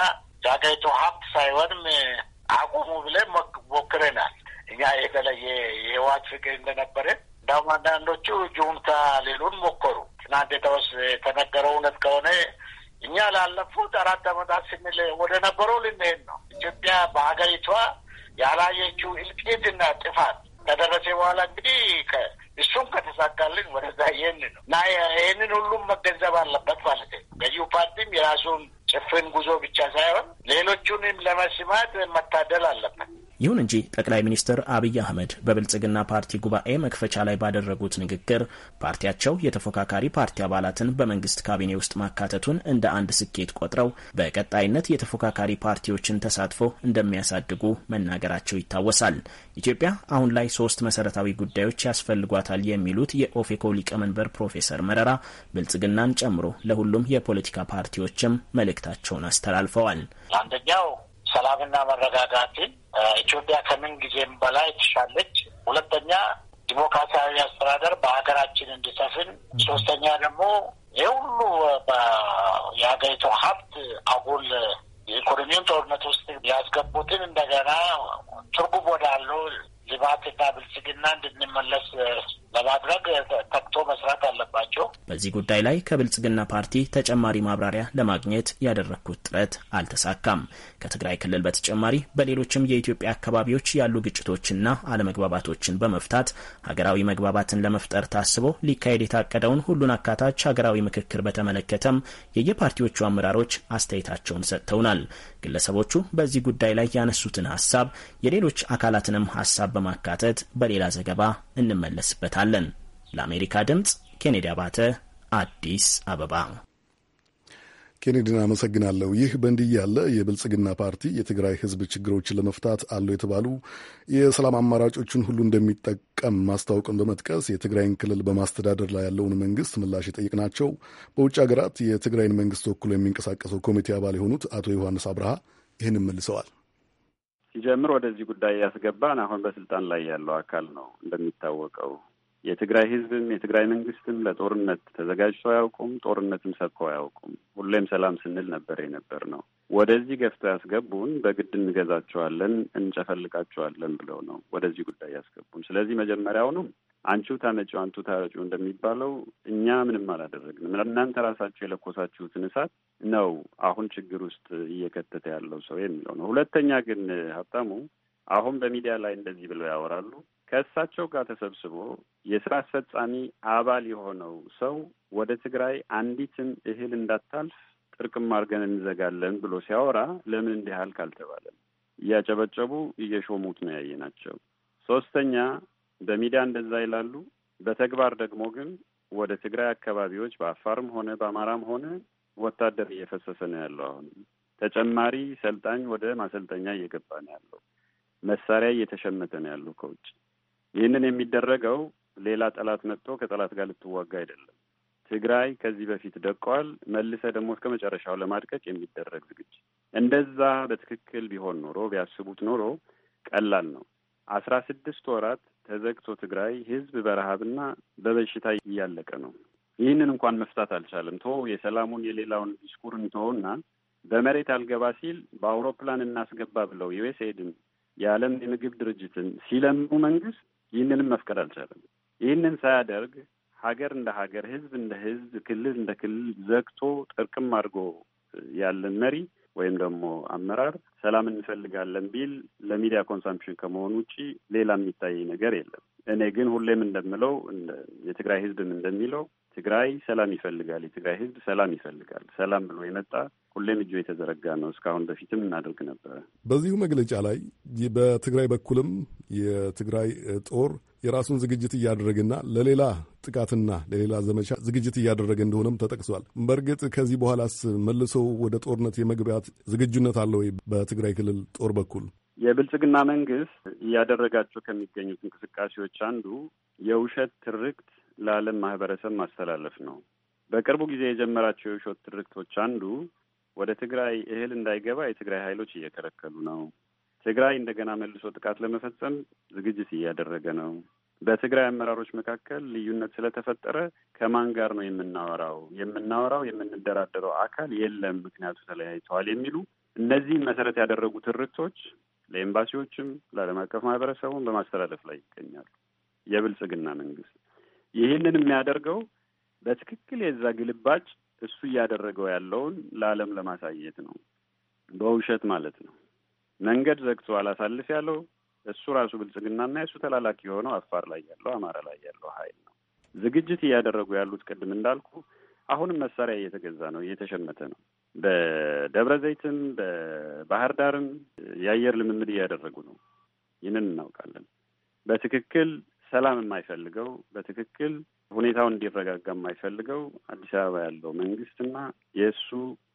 የአገሪቱ ሀብት ሳይሆንም አቁሙ ብለን ሞክረናል። እኛ የተለየ የህወሓት ፍቅር እንደነበረን እንዳሁም አንዳንዶቹ ጁንታ ሊሉን ሞከሩ። ትናንት የተወስ የተነገረው እውነት ከሆነ እኛ ላለፉት አራት ዓመታት ስንል ወደ ነበረው ልንሄድ ነው። ኢትዮጵያ በሀገሪቷ ያላየችው እልቂትና ጥፋት ከደረሰ በኋላ እንግዲህ እሱም ከተሳካልን ወደዛ ይህን ነው እና ይህንን ሁሉም መገንዘብ አለበት ማለት ነው። ገዢው ፓርቲም የራሱን ጭፍን ጉዞ ብቻ ሳይሆን ሌሎቹንም ለመስማት መታደል አለበት። ይሁን እንጂ ጠቅላይ ሚኒስትር አብይ አህመድ በብልጽግና ፓርቲ ጉባኤ መክፈቻ ላይ ባደረጉት ንግግር ፓርቲያቸው የተፎካካሪ ፓርቲ አባላትን በመንግስት ካቢኔ ውስጥ ማካተቱን እንደ አንድ ስኬት ቆጥረው በቀጣይነት የተፎካካሪ ፓርቲዎችን ተሳትፎ እንደሚያሳድጉ መናገራቸው ይታወሳል። ኢትዮጵያ አሁን ላይ ሶስት መሰረታዊ ጉዳዮች ያስፈልጓታል የሚሉት የኦፌኮ ሊቀመንበር ፕሮፌሰር መረራ ብልጽግናን ጨምሮ ለሁሉም የፖለቲካ ፓርቲዎችም መልእክታቸውን አስተላልፈዋል። አንደኛው ሰላምና መረጋጋትን ኢትዮጵያ ከምን ጊዜም በላይ ትሻለች። ሁለተኛ ዲሞክራሲያዊ አስተዳደር በሀገራችን እንዲሰፍን፣ ሶስተኛ ደግሞ ይህ ሁሉ የሀገሪቱ ሀብት አጉል የኢኮኖሚውን ጦርነት ውስጥ ያስገቡትን እንደገና ትርጉም ወዳለው ልማትና ብልጽግና እንድንመለስ ለማድረግ ተግቶ መስራት አለባቸው። በዚህ ጉዳይ ላይ ከብልጽግና ፓርቲ ተጨማሪ ማብራሪያ ለማግኘት ያደረግኩት ጥረት አልተሳካም። ከትግራይ ክልል በተጨማሪ በሌሎችም የኢትዮጵያ አካባቢዎች ያሉ ግጭቶችና አለመግባባቶችን በመፍታት ሀገራዊ መግባባትን ለመፍጠር ታስቦ ሊካሄድ የታቀደውን ሁሉን አካታች ሀገራዊ ምክክር በተመለከተም የየፓርቲዎቹ አመራሮች አስተያየታቸውን ሰጥተውናል። ግለሰቦቹ በዚህ ጉዳይ ላይ ያነሱትን ሀሳብ የሌሎች አካላትንም ሀሳብ በማካተት በሌላ ዘገባ እንመለስበታል። እናመሰግናለን። ለአሜሪካ ድምፅ ኬኔዲ አባተ አዲስ አበባ። ኬኔዲን አመሰግናለሁ። ይህ በእንዲህ ያለ የብልጽግና ፓርቲ የትግራይ ሕዝብ ችግሮችን ለመፍታት አሉ የተባሉ የሰላም አማራጮችን ሁሉ እንደሚጠቀም ማስታወቅን በመጥቀስ የትግራይን ክልል በማስተዳደር ላይ ያለውን መንግስት ምላሽ የጠየቅናቸው በውጭ ሀገራት የትግራይን መንግስት ወክሎ የሚንቀሳቀሰው ኮሚቴ አባል የሆኑት አቶ ዮሐንስ አብርሃ ይህንም መልሰዋል። ሲጀምር ወደዚህ ጉዳይ ያስገባን አሁን በስልጣን ላይ ያለው አካል ነው እንደሚታወቀው የትግራይ ህዝብም የትግራይ መንግስትም ለጦርነት ተዘጋጅቶ አያውቁም። ጦርነትም ሰጥቶ አያውቁም። ሁሌም ሰላም ስንል ነበር የነበር ነው። ወደዚህ ገፍቶ ያስገቡን በግድ እንገዛቸዋለን፣ እንጨፈልቃቸዋለን ብለው ነው ወደዚህ ጉዳይ ያስገቡን። ስለዚህ መጀመሪያውኑ አንቺው ታመጪው አንቱ ታረጪው እንደሚባለው እኛ ምንም አላደረግንም። እናንተ ራሳችሁ የለኮሳችሁትን እሳት ነው አሁን ችግር ውስጥ እየከተተ ያለው ሰው የሚለው ነው። ሁለተኛ ግን ሀብታሙ አሁን በሚዲያ ላይ እንደዚህ ብለው ያወራሉ። ከእሳቸው ጋር ተሰብስቦ የስራ አስፈጻሚ አባል የሆነው ሰው ወደ ትግራይ አንዲትም እህል እንዳታልፍ ጥርቅም አድርገን እንዘጋለን ብሎ ሲያወራ ለምን እንዲህ አልክ አልተባለም። እያጨበጨቡ እየሾሙት ነው ያየ ናቸው። ሶስተኛ በሚዲያ እንደዛ ይላሉ። በተግባር ደግሞ ግን ወደ ትግራይ አካባቢዎች በአፋርም ሆነ በአማራም ሆነ ወታደር እየፈሰሰ ነው ያለው። አሁን ተጨማሪ ሰልጣኝ ወደ ማሰልጠኛ እየገባ ነው ያለው። መሳሪያ እየተሸመተ ነው ያለው ከውጭ ይህንን የሚደረገው ሌላ ጠላት መጥቶ ከጠላት ጋር ልትዋጋ አይደለም። ትግራይ ከዚህ በፊት ደቀዋል። መልሰ ደግሞ እስከ መጨረሻው ለማድቀቅ የሚደረግ ዝግጅት። እንደዛ በትክክል ቢሆን ኖሮ ቢያስቡት ኖሮ ቀላል ነው። አስራ ስድስት ወራት ተዘግቶ ትግራይ ህዝብ በረሃብና በበሽታ እያለቀ ነው። ይህንን እንኳን መፍታት አልቻለም። ቶ የሰላሙን የሌላውን ዲስኩር ተሆና በመሬት አልገባ ሲል በአውሮፕላን እናስገባ ብለው ዩኤስኤድን የዓለም የምግብ ድርጅትን ሲለምኑ መንግስት ይህንንም መፍቀድ አልቻለም። ይህንን ሳያደርግ ሀገር እንደ ሀገር፣ ህዝብ እንደ ህዝብ፣ ክልል እንደ ክልል ዘግቶ ጥርቅም አድርጎ ያለን መሪ ወይም ደግሞ አመራር ሰላም እንፈልጋለን ቢል ለሚዲያ ኮንሳምፕሽን ከመሆን ውጪ ሌላ የሚታይ ነገር የለም። እኔ ግን ሁሌም እንደምለው የትግራይ ህዝብም እንደሚለው ትግራይ ሰላም ይፈልጋል። የትግራይ ህዝብ ሰላም ይፈልጋል። ሰላም ብሎ የመጣ ሁሌም እጆ የተዘረጋ ነው። እስካሁን በፊትም እናደርግ ነበረ። በዚሁ መግለጫ ላይ በትግራይ በኩልም የትግራይ ጦር የራሱን ዝግጅት እያደረገና ለሌላ ጥቃትና ለሌላ ዘመቻ ዝግጅት እያደረገ እንደሆነም ተጠቅሷል። በእርግጥ ከዚህ በኋላስ መልሶ ወደ ጦርነት የመግቢያት ዝግጁነት አለ ወይ? በትግራይ ክልል ጦር በኩል የብልጽግና መንግስት እያደረጋቸው ከሚገኙት እንቅስቃሴዎች አንዱ የውሸት ትርክት ለዓለም ማህበረሰብ ማስተላለፍ ነው። በቅርቡ ጊዜ የጀመራቸው የውሸት ትርክቶች አንዱ ወደ ትግራይ እህል እንዳይገባ የትግራይ ኃይሎች እየከለከሉ ነው፣ ትግራይ እንደገና መልሶ ጥቃት ለመፈጸም ዝግጅት እያደረገ ነው፣ በትግራይ አመራሮች መካከል ልዩነት ስለተፈጠረ ከማን ጋር ነው የምናወራው? የምናወራው የምንደራደረው አካል የለም፣ ምክንያቱ ተለያይተዋል የሚሉ እነዚህን መሰረት ያደረጉ ትርክቶች ለኤምባሲዎችም ለዓለም አቀፍ ማህበረሰቡን በማስተላለፍ ላይ ይገኛሉ። የብልጽግና መንግስት ይህንን የሚያደርገው በትክክል የዛ ግልባጭ እሱ እያደረገው ያለውን ለዓለም ለማሳየት ነው። በውሸት ማለት ነው። መንገድ ዘግቶ አላሳልፍ ያለው እሱ ራሱ ብልጽግናና የእሱ ተላላኪ የሆነው አፋር ላይ ያለው አማራ ላይ ያለው ኃይል ነው። ዝግጅት እያደረጉ ያሉት ቅድም እንዳልኩ አሁንም መሳሪያ እየተገዛ ነው፣ እየተሸመተ ነው። በደብረ ዘይትም በባህር ዳርም የአየር ልምምድ እያደረጉ ነው። ይህንን እናውቃለን። በትክክል ሰላም የማይፈልገው በትክክል ሁኔታውን እንዲረጋጋ የማይፈልገው አዲስ አበባ ያለው መንግስትና የእሱ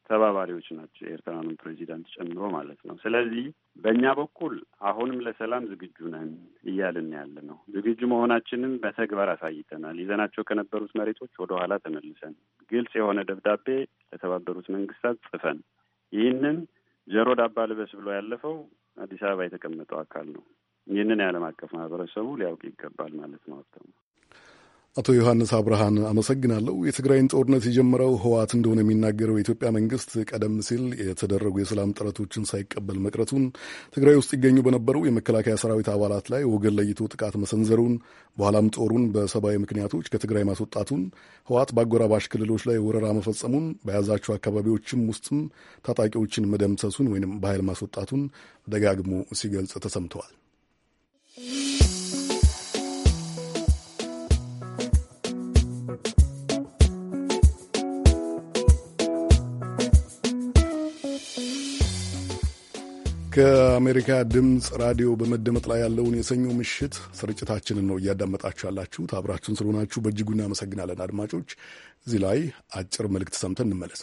ተባባሪዎች ናቸው፣ የኤርትራንም ፕሬዚዳንት ጨምሮ ማለት ነው። ስለዚህ በእኛ በኩል አሁንም ለሰላም ዝግጁ ነን እያልን ያለ ነው። ዝግጁ መሆናችንም በተግባር አሳይተናል። ይዘናቸው ከነበሩት መሬቶች ወደኋላ ተመልሰን ግልጽ የሆነ ደብዳቤ ለተባበሩት መንግስታት ጽፈን ይህንን ጆሮ ዳባ ልበስ ብሎ ያለፈው አዲስ አበባ የተቀመጠው አካል ነው። ይህንን የዓለም አቀፍ ማህበረሰቡ ሊያውቅ ይገባል ማለት ነው። አቶ ዮሐንስ አብርሃን አመሰግናለሁ። የትግራይን ጦርነት የጀመረው ህወሓት እንደሆነ የሚናገረው የኢትዮጵያ መንግስት ቀደም ሲል የተደረጉ የሰላም ጥረቶችን ሳይቀበል መቅረቱን፣ ትግራይ ውስጥ ይገኙ በነበሩ የመከላከያ ሰራዊት አባላት ላይ ወገን ለይቶ ጥቃት መሰንዘሩን፣ በኋላም ጦሩን በሰብአዊ ምክንያቶች ከትግራይ ማስወጣቱን፣ ህወሓት በአጎራባሽ ክልሎች ላይ ወረራ መፈጸሙን፣ በያዛቸው አካባቢዎችም ውስጥም ታጣቂዎችን መደምሰሱን ወይም በኃይል ማስወጣቱን ደጋግሞ ሲገልጽ ተሰምተዋል። ከአሜሪካ ድምፅ ራዲዮ በመደመጥ ላይ ያለውን የሰኞ ምሽት ስርጭታችንን ነው እያዳመጣችሁ ያላችሁት። አብራችሁን ስለሆናችሁ በእጅጉ እናመሰግናለን አድማጮች። እዚህ ላይ አጭር መልእክት ሰምተን እንመለስ።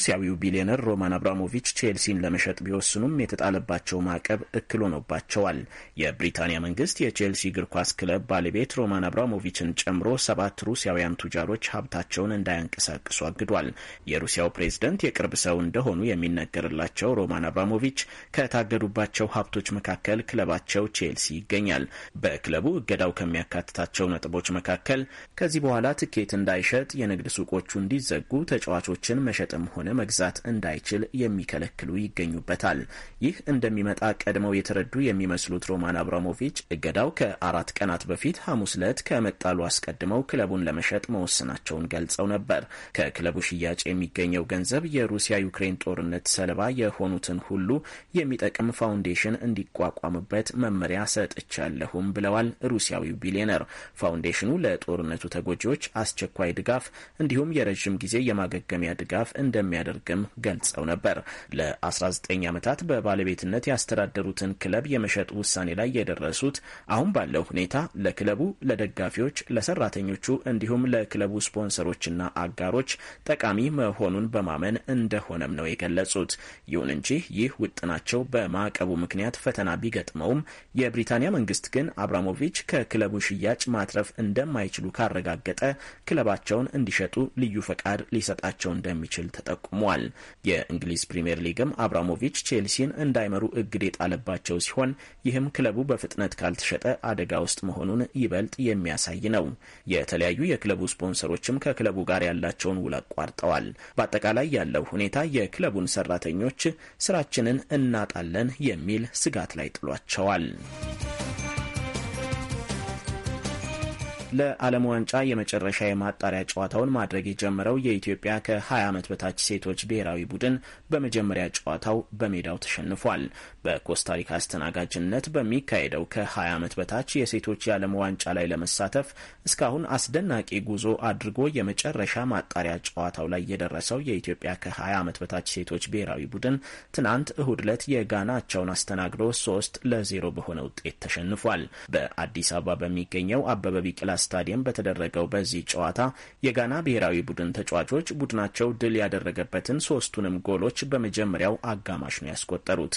ሩሲያዊው ቢሊዮነር ሮማን አብራሞቪች ቼልሲን ለመሸጥ ቢወስኑም የተጣለባቸው ማዕቀብ እክል ሆኖባቸዋል። የብሪታንያ መንግስት የቼልሲ እግር ኳስ ክለብ ባለቤት ሮማን አብራሞቪችን ጨምሮ ሰባት ሩሲያውያን ቱጃሮች ሀብታቸውን እንዳያንቀሳቅሱ አግዷል። የሩሲያው ፕሬዝደንት የቅርብ ሰው እንደሆኑ የሚነገርላቸው ሮማን አብራሞቪች ከታገዱባቸው ሀብቶች መካከል ክለባቸው ቼልሲ ይገኛል። በክለቡ እገዳው ከሚያካትታቸው ነጥቦች መካከል ከዚህ በኋላ ትኬት እንዳይሸጥ፣ የንግድ ሱቆቹ እንዲዘጉ፣ ተጫዋቾችን መሸጥም ሆነ መግዛት እንዳይችል የሚከለክሉ ይገኙበታል። ይህ እንደሚመጣ ቀድመው የተረዱ የሚመስሉት ሮማን አብራሞቪች እገዳው ከአራት ቀናት በፊት ሐሙስ ዕለት ከመጣሉ አስቀድመው ክለቡን ለመሸጥ መወሰናቸውን ገልጸው ነበር። ከክለቡ ሽያጭ የሚገኘው ገንዘብ የሩሲያ ዩክሬን ጦርነት ሰለባ የሆኑትን ሁሉ የሚጠቅም ፋውንዴሽን እንዲቋቋምበት መመሪያ ሰጥቻለሁም ብለዋል። ሩሲያዊው ቢሊዮነር ፋውንዴሽኑ ለጦርነቱ ተጎጂዎች አስቸኳይ ድጋፍ እንዲሁም የረዥም ጊዜ የማገገሚያ ድጋፍ እንደሚያ እንደሚያደርግም ገልጸው ነበር። ለ19 ዓመታት በባለቤትነት ያስተዳደሩትን ክለብ የመሸጥ ውሳኔ ላይ የደረሱት አሁን ባለው ሁኔታ ለክለቡ፣ ለደጋፊዎች፣ ለሰራተኞቹ እንዲሁም ለክለቡ ስፖንሰሮችና አጋሮች ጠቃሚ መሆኑን በማመን እንደሆነም ነው የገለጹት። ይሁን እንጂ ይህ ውጥናቸው በማዕቀቡ ምክንያት ፈተና ቢገጥመውም የብሪታንያ መንግስት ግን አብራሞቪች ከክለቡ ሽያጭ ማትረፍ እንደማይችሉ ካረጋገጠ ክለባቸውን እንዲሸጡ ልዩ ፈቃድ ሊሰጣቸው እንደሚችል ተጠቁ ጠቁሟል። የእንግሊዝ ፕሪምየር ሊግም አብራሞቪች ቼልሲን እንዳይመሩ እግድ የጣለባቸው ሲሆን ይህም ክለቡ በፍጥነት ካልተሸጠ አደጋ ውስጥ መሆኑን ይበልጥ የሚያሳይ ነው። የተለያዩ የክለቡ ስፖንሰሮችም ከክለቡ ጋር ያላቸውን ውል አቋርጠዋል። በአጠቃላይ ያለው ሁኔታ የክለቡን ሰራተኞች ስራችንን እናጣለን የሚል ስጋት ላይ ጥሏቸዋል። ለዓለም ዋንጫ የመጨረሻ የማጣሪያ ጨዋታውን ማድረግ የጀመረው የኢትዮጵያ ከ20 ዓመት በታች ሴቶች ብሔራዊ ቡድን በመጀመሪያ ጨዋታው በሜዳው ተሸንፏል። በኮስታሪካ አስተናጋጅነት በሚካሄደው ከ20 ዓመት በታች የሴቶች የዓለም ዋንጫ ላይ ለመሳተፍ እስካሁን አስደናቂ ጉዞ አድርጎ የመጨረሻ ማጣሪያ ጨዋታው ላይ የደረሰው የኢትዮጵያ ከ20 ዓመት በታች ሴቶች ብሔራዊ ቡድን ትናንት እሁድ ዕለት የጋናቸውን አስተናግዶ ሶስት ለዜሮ በሆነ ውጤት ተሸንፏል። በአዲስ አበባ በሚገኘው አበበ ቢቅላ ስታዲየም በተደረገው በዚህ ጨዋታ የጋና ብሔራዊ ቡድን ተጫዋቾች ቡድናቸው ድል ያደረገበትን ሶስቱንም ጎሎች በመጀመሪያው አጋማሽ ነው ያስቆጠሩት።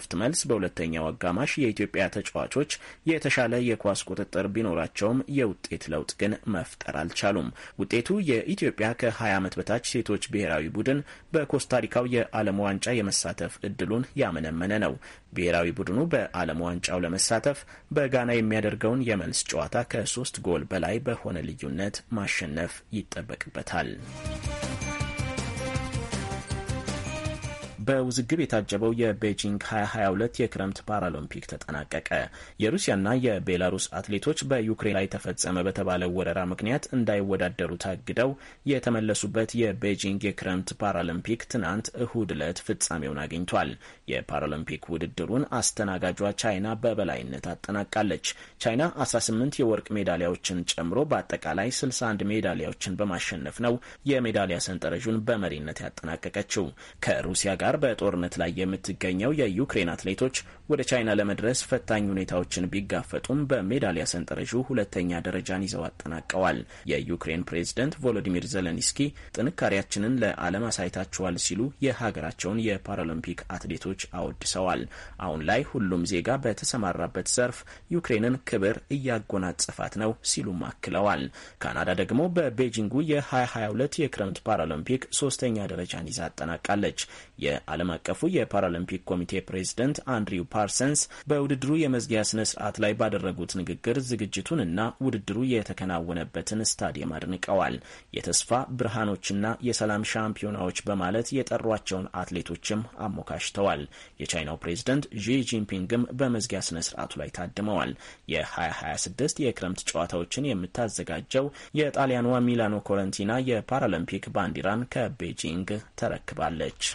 ከረፍት መልስ በሁለተኛው አጋማሽ የኢትዮጵያ ተጫዋቾች የተሻለ የኳስ ቁጥጥር ቢኖራቸውም የውጤት ለውጥ ግን መፍጠር አልቻሉም። ውጤቱ የኢትዮጵያ ከ20 ዓመት በታች ሴቶች ብሔራዊ ቡድን በኮስታሪካው የዓለም ዋንጫ የመሳተፍ እድሉን ያመነመነ ነው። ብሔራዊ ቡድኑ በዓለም ዋንጫው ለመሳተፍ በጋና የሚያደርገውን የመልስ ጨዋታ ከሶስት ጎል በላይ በሆነ ልዩነት ማሸነፍ ይጠበቅበታል። በውዝግብ የታጀበው የቤጂንግ 2022 የክረምት ፓራሎምፒክ ተጠናቀቀ። የሩሲያና የቤላሩስ አትሌቶች በዩክሬን ላይ ተፈጸመ በተባለው ወረራ ምክንያት እንዳይወዳደሩ ታግደው የተመለሱበት የቤጂንግ የክረምት ፓራሎምፒክ ትናንት እሁድ ዕለት ፍጻሜውን አግኝቷል። የፓራሎምፒክ ውድድሩን አስተናጋጇ ቻይና በበላይነት አጠናቃለች። ቻይና 18 የወርቅ ሜዳሊያዎችን ጨምሮ በአጠቃላይ 61 ሜዳሊያዎችን በማሸነፍ ነው የሜዳሊያ ሰንጠረዡን በመሪነት ያጠናቀቀችው ከሩሲያ ጋር በጦርነት ላይ የምትገኘው የዩክሬን አትሌቶች ወደ ቻይና ለመድረስ ፈታኝ ሁኔታዎችን ቢጋፈጡም በሜዳሊያ ሰንጠረዡ ሁለተኛ ደረጃን ይዘው አጠናቀዋል። የዩክሬን ፕሬዝደንት ቮሎዲሚር ዘለንስኪ ጥንካሬያችንን ለዓለም አሳይታችኋል ሲሉ የሀገራቸውን የፓራሊምፒክ አትሌቶች አወድሰዋል። አሁን ላይ ሁሉም ዜጋ በተሰማራበት ዘርፍ ዩክሬንን ክብር እያጎናጸፋት ነው ሲሉም አክለዋል። ካናዳ ደግሞ በቤጂንጉ የ2022 የክረምት ፓራሊምፒክ ሶስተኛ ደረጃን ይዛ አጠናቃለች። ዓለም አቀፉ የፓራሊምፒክ ኮሚቴ ፕሬዝደንት አንድሪው ፓርሰንስ በውድድሩ የመዝጊያ ስነ ስርዓት ላይ ባደረጉት ንግግር ዝግጅቱንና ውድድሩ የተከናወነበትን ስታዲየም አድንቀዋል። የተስፋ ብርሃኖችና የሰላም ሻምፒዮናዎች በማለት የጠሯቸውን አትሌቶችም አሞካሽተዋል። የቻይናው ፕሬዝደንት ዢ ጂንፒንግም በመዝጊያ ስነ ስርዓቱ ላይ ታድመዋል። የ2026 የክረምት ጨዋታዎችን የምታዘጋጀው የጣሊያኗ ሚላኖ ኮረንቲና የፓራሊምፒክ ባንዲራን ከቤጂንግ ተረክባለች።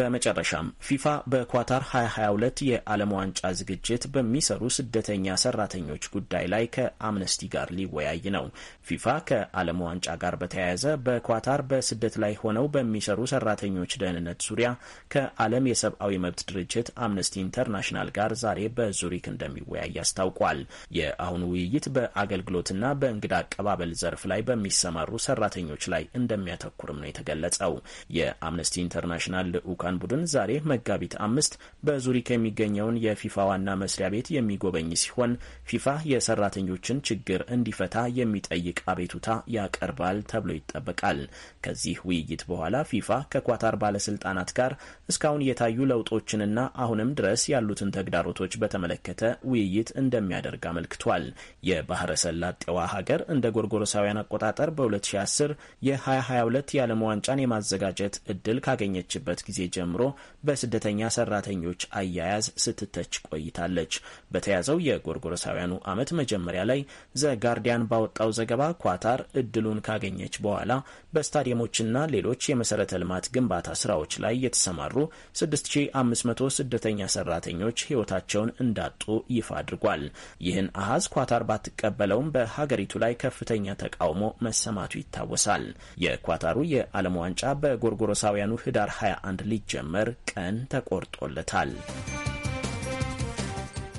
በመጨረሻም ፊፋ በኳታር 2022 የዓለም ዋንጫ ዝግጅት በሚሰሩ ስደተኛ ሰራተኞች ጉዳይ ላይ ከአምነስቲ ጋር ሊወያይ ነው። ፊፋ ከዓለም ዋንጫ ጋር በተያያዘ በኳታር በስደት ላይ ሆነው በሚሰሩ ሰራተኞች ደህንነት ዙሪያ ከዓለም የሰብአዊ መብት ድርጅት አምነስቲ ኢንተርናሽናል ጋር ዛሬ በዙሪክ እንደሚወያይ አስታውቋል። የአሁኑ ውይይት በአገልግሎትና በእንግዳ አቀባበል ዘርፍ ላይ በሚሰማሩ ሰራተኞች ላይ እንደሚያተኩርም ነው የተገለጸው። የአምነስቲ ኢንተርናሽናል ልዑካ ልዑካን ቡድን ዛሬ መጋቢት አምስት በዙሪክ የሚገኘውን የፊፋ ዋና መስሪያ ቤት የሚጎበኝ ሲሆን ፊፋ የሰራተኞችን ችግር እንዲፈታ የሚጠይቅ አቤቱታ ያቀርባል ተብሎ ይጠበቃል። ከዚህ ውይይት በኋላ ፊፋ ከኳታር ባለስልጣናት ጋር እስካሁን የታዩ ለውጦችንና አሁንም ድረስ ያሉትን ተግዳሮቶች በተመለከተ ውይይት እንደሚያደርግ አመልክቷል። የባህረ ሰላጤዋ ሀገር እንደ ጎርጎሮሳውያን አቆጣጠር በ2010 የ2022 የዓለም ዋንጫን የማዘጋጀት እድል ካገኘችበት ጊዜ ጀምሮ በስደተኛ ሰራተኞች አያያዝ ስትተች ቆይታለች። በተያዘው የጎርጎሮሳውያኑ ዓመት መጀመሪያ ላይ ዘ ጋርዲያን ባወጣው ዘገባ ኳታር እድሉን ካገኘች በኋላ በስታዲየሞችና ሌሎች የመሰረተ ልማት ግንባታ ስራዎች ላይ የተሰማሩ 6500 ስደተኛ ሰራተኞች ህይወታቸውን እንዳጡ ይፋ አድርጓል። ይህን አሃዝ ኳታር ባትቀበለውም በሀገሪቱ ላይ ከፍተኛ ተቃውሞ መሰማቱ ይታወሳል። የኳታሩ የዓለም ዋንጫ በጎርጎሮሳውያኑ ህዳር 21 እንዲጀመር ቀን ተቆርጦለታል።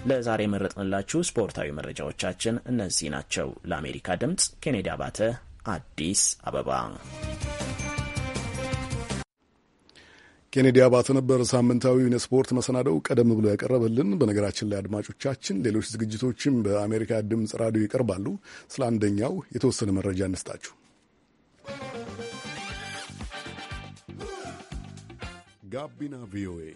ለዛሬ የመረጥንላችሁ ስፖርታዊ መረጃዎቻችን እነዚህ ናቸው። ለአሜሪካ ድምፅ ኬኔዲ አባተ፣ አዲስ አበባ። ኬኔዲ አባተ ነበር ሳምንታዊ የስፖርት መሰናደው ቀደም ብሎ ያቀረበልን። በነገራችን ላይ አድማጮቻችን፣ ሌሎች ዝግጅቶችም በአሜሪካ ድምፅ ራዲዮ ይቀርባሉ። ስለ አንደኛው የተወሰነ መረጃ እንስጣችሁ። Gabina Voe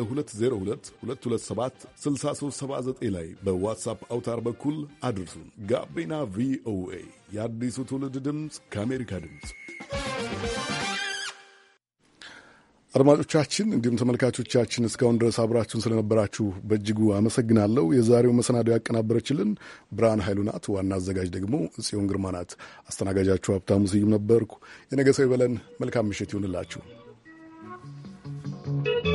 በ2022276379 ላይ በዋትሳፕ አውታር በኩል አድርሱን። ጋቢና ቪኦኤ የአዲሱ ትውልድ ድምፅ ከአሜሪካ ድምፅ አድማጮቻችን እንዲሁም ተመልካቾቻችን እስካሁን ድረስ አብራችሁን ስለነበራችሁ በእጅጉ አመሰግናለሁ። የዛሬው መሰናዶ ያቀናበረችልን ብርሃን ኃይሉ ናት። ዋና አዘጋጅ ደግሞ ጽዮን ግርማ ናት። አስተናጋጃችሁ ሀብታሙ ስዩም ነበርኩ። የነገ ሰው ይበለን። መልካም ምሽት ይሁንላችሁ።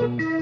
Thank you.